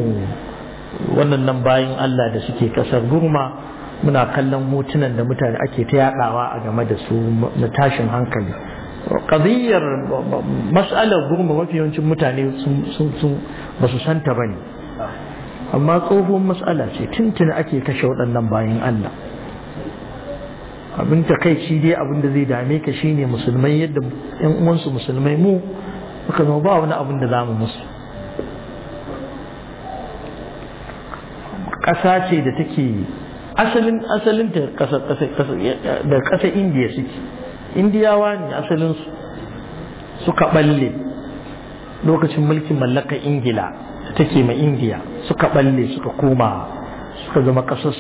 Speaker 1: wannan nan bayan Allah da suke kasar gurma muna kallon hotunan da mutane ake ta yaɗawa a game da su na tashin hankali Ƙaziyyar mas'alar gurma mafi yawancin mutane ba su santa ne. amma tsohon mas'ala ce tuntuna ake kashe waɗannan bayan Allah abin takaici dai abin da zai dame ka shine musulmai yadda yan uwansu musulmai mu muka zama ba wani abin da zamu musu ƙasa ce da take asalin asalin ta ƙasa da ƙasa indiya suke indiyawa ne asalin su suka balle lokacin mulkin mallakar ingila da take ma indiya suka balle suka koma suka zama ƙasar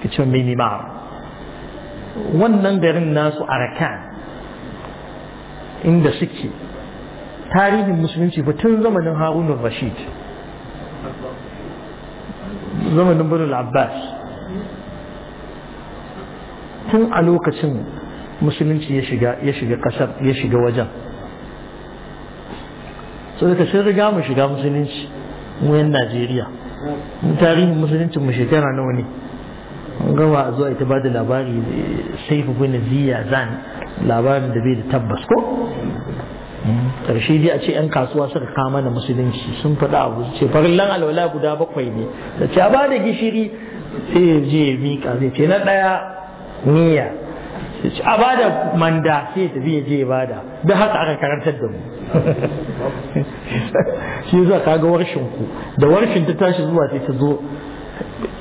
Speaker 1: suka ce minimar wannan garin nasu arakan inda suke tarihin musulunci ba tun zamanin harunan rashid zamanin birnin abbas tun a lokacin musulunci ya shiga kasar ya shiga wajen so da sun riga mu shiga musulunci mu yan najeriya tarihin musulunci mu shekara nawa ne gawa a zuwa ita ba da labari sai fi gwina ziya zan labarin da bai da tabbas ko hmm. karshe dai a ce 'yan kasuwa suka kama da musulunci sun faɗa abu su ce farillan alwala guda bakwai ne da ce a ba da gishiri sai ya je ya miƙa zai ce na ɗaya niyya a ba da manda sai ta biya je ba da don haka aka karantar da mu shi za ka ga warshin ku da warshin ta tashi zuwa sai ta zo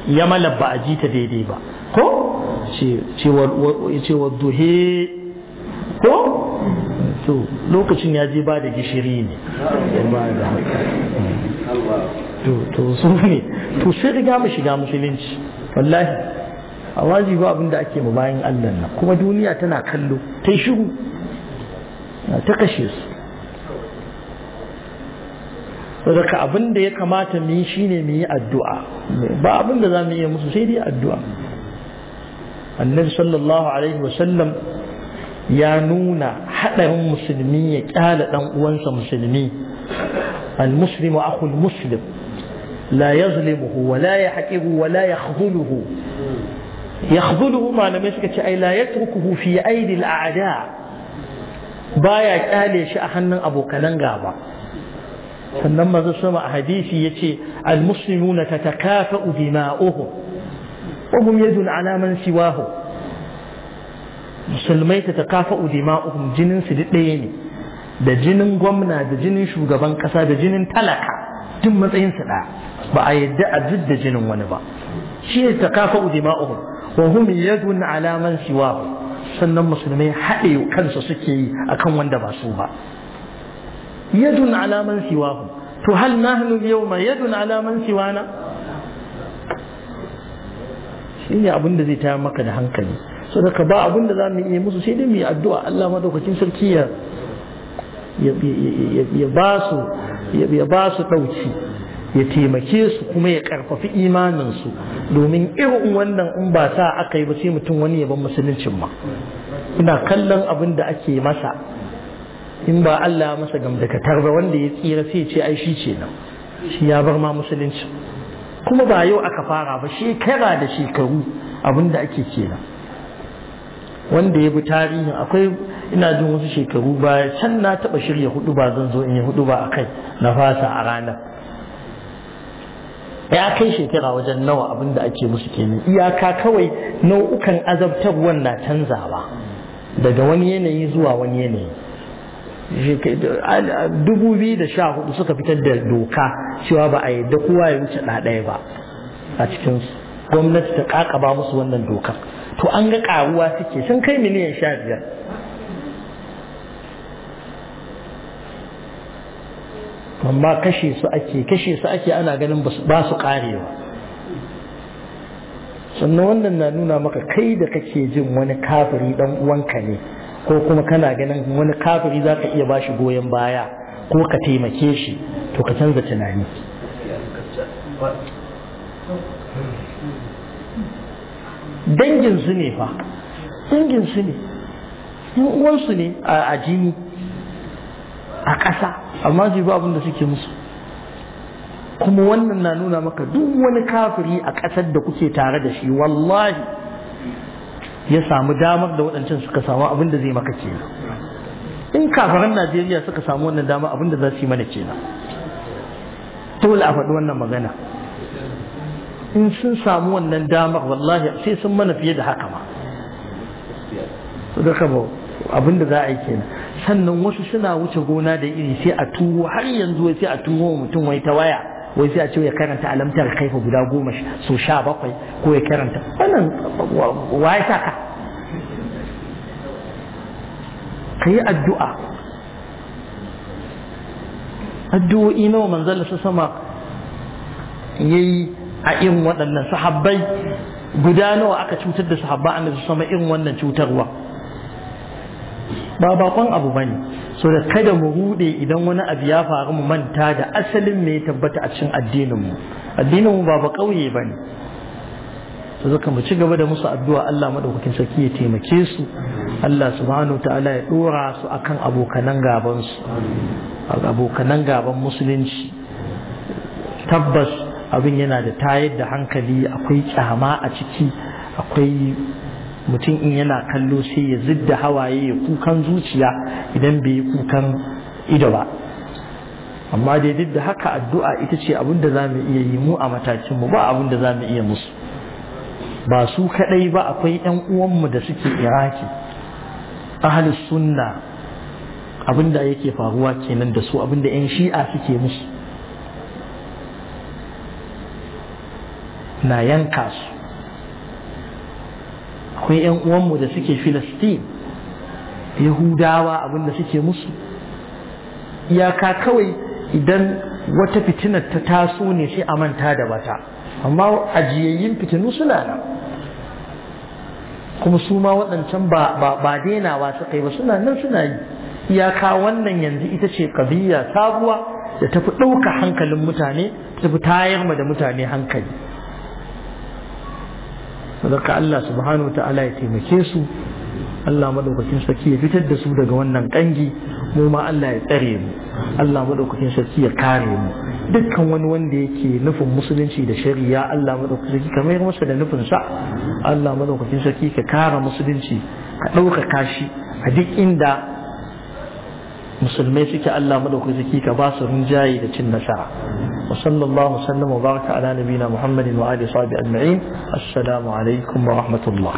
Speaker 1: ya malabba a ji ta daidai ba ko ce wa duhe ko to lokacin ya je ba da gishiri ne to su ne to sai riga mu shiga musulunci wallahi a waje ba abinda ake mu bayan allah na kuma duniya tana kallo ta yi shiru ta kashe su saudaka abin da ya kamata mu yi shine mu yi addu'a ba abin za mu yi musu sai dai addu'a annabi sallallahu alaihi wasallam ya nuna haɗarin musulmi ya ƙyala ɗan uwansa musulmi al muslimu akhul muslim la yazlimuhu wa la yahqiru wa la yakhdhuluhu yakhdhuluhu ma na suka ce ai la yatrukuhu fi aidil a'da baya ƙyale shi a hannun abokanan gaba sannan manzo sama a hadisi yace almuslimuna tatakafa'u dima'uhum wa hum yadun ala man siwahu musulmai tatakafa'u dima'uhum jinin su ɗaya ne da jinin gwamna da jinin shugaban kasa da jinin talaka duk matsayin su ɗaya ba a yadda a duk da jinin wani ba shi ne tatakafa'u dima'uhum wa hum yadun ala man siwahu sannan musulmai haɗe kansu suke yi akan wanda ba su ba yadun ala man siwahu to hal nahnu al-yawma yadun ala man siwana shine abin da zai taya maka da hankali so daga ba abin da zamu iya musu sai dai mu yi addu'a Allah madaukakin sarki ya ya ba su ya ba su dauki ya taimake su kuma ya karfafi imaninsu domin irin wannan in ba sa aka yi ba sai mutum wani yaban musuluncin ma
Speaker 2: ina kallon
Speaker 1: abin da ake masa in ba Allah masa gamdakatar ba wanda ya tsira sai ce ai shi ce nan shi ya bar ma musulunci kuma ba yau aka fara ba shekara da shekaru abinda ake kenan wanda ya bi tarihin akwai ina jin wasu shekaru baya can na taba shirya hudu ba zan zo in yi hudu ba a kai na fasa a ranar ya kai shekara wajen nawa abinda ake musu kenan iyaka kawai nau'ukan azabtarwan na canzawa daga wani yanayi zuwa wani yanayi dubu biyu da sha hudu suka fitar da doka cewa ba a yadda kowa ya wuce ɗaya ba a cikin gwamnati ta kakaba musu wannan doka to an ga karuwa suke sun kai miliyan sha biyar amma kashe su ake kashe su ake ana ganin ba su karewa sannan wannan na nuna maka kai da kake jin wani kafiri dan uwanka ne ko kuma kana ganin wani kafiri za ka iya bashi goyon baya ko ka taimake shi to ka canza tunani dangin su ne fa dangin su ne uwansu ne a jini a ƙasa amma ji ba abin da suke musu kuma wannan na nuna maka duk wani kafiri a ƙasar da kuke tare da shi wallahi ya samu damar da waɗancan suka samu abin da zai maka kenan in kafaran najeriya suka samu wannan dama abin da za su yi mana kenan dole a faɗi wannan magana in sun samu wannan damar wallahi sai sun mana fiye da haka ma su daga abin da za a yi kenan sannan wasu suna wuce gona da iri sai a tuwo har yanzu sai a tuwo mutum wai ta waya wai sai a ce ya karanta alamtar kaifa guda goma so sha bakwai ko ya karanta wannan waye sa ka ka yi addu'a addu'o'i nawa manzon su sama yayi a irin waɗannan sahabbai guda nawa aka cutar da sahabba annabi sama irin wannan cutarwa ba bakon abu bane so da kada mu rude idan wani abu ya faru mu manta da asalin me ya tabbata a cikin addinin mu addinin mu ba ba kauye bane to zaka mu ci gaba da musu addu'a Allah madaukakin sarki ya taimake su Allah subhanahu ta'ala ya dora su akan abokanan gaban su abokanan gaban musulunci tabbas abin yana da tayar da hankali akwai kyama a ciki akwai mutum in yana kallo sai ya zidda hawaye ya kukan zuciya idan bai yi kukan ido ba amma dai duk da haka addu'a ita ce abin da za mu iya yi mu a matakin mu ba abin da za mu iya musu ba su kadai ba akwai ‘yan uwanmu da suke iraki ahalus sunna abin da yake faruwa kenan da su abin da ‘yan shi'a suke musu na yanka su akwai yan uwanmu da suke filistin yahudawa abinda suke musu iyaka kawai idan wata fitinar ta taso ne sai a manta da bata, amma ajiyayyin fitinu suna nan kuma su ma waɗancan ba denawa su kai ba suna nan suna yi iyaka wannan yanzu ita ce kabiya sabuwa da tafi ɗauka hankalin mutane tafi tayar ma da mutane hankali sadaka Allah subhanahu wa ta'ala ya taimake su Allah madaukakin sarki ya fitar da su daga wannan kangi mu ma Allah ya tsare mu Allah madaukakin sarki ya kare mu dukkan wani wanda yake nufin musulunci da shari'a Allah madaukakin sarki kamar masa da nufin sa Allah madaukakin sarki ka kara musulunci ka ɗaukaka kashi a duk inda musulmai suke Allah madaukaki ka ba su rinjaye da cin nasara wa sallallahu sallama baraka ala nabiyina muhammadin wa alihi wa sahbihi ajma'in assalamu alaikum wa rahmatullah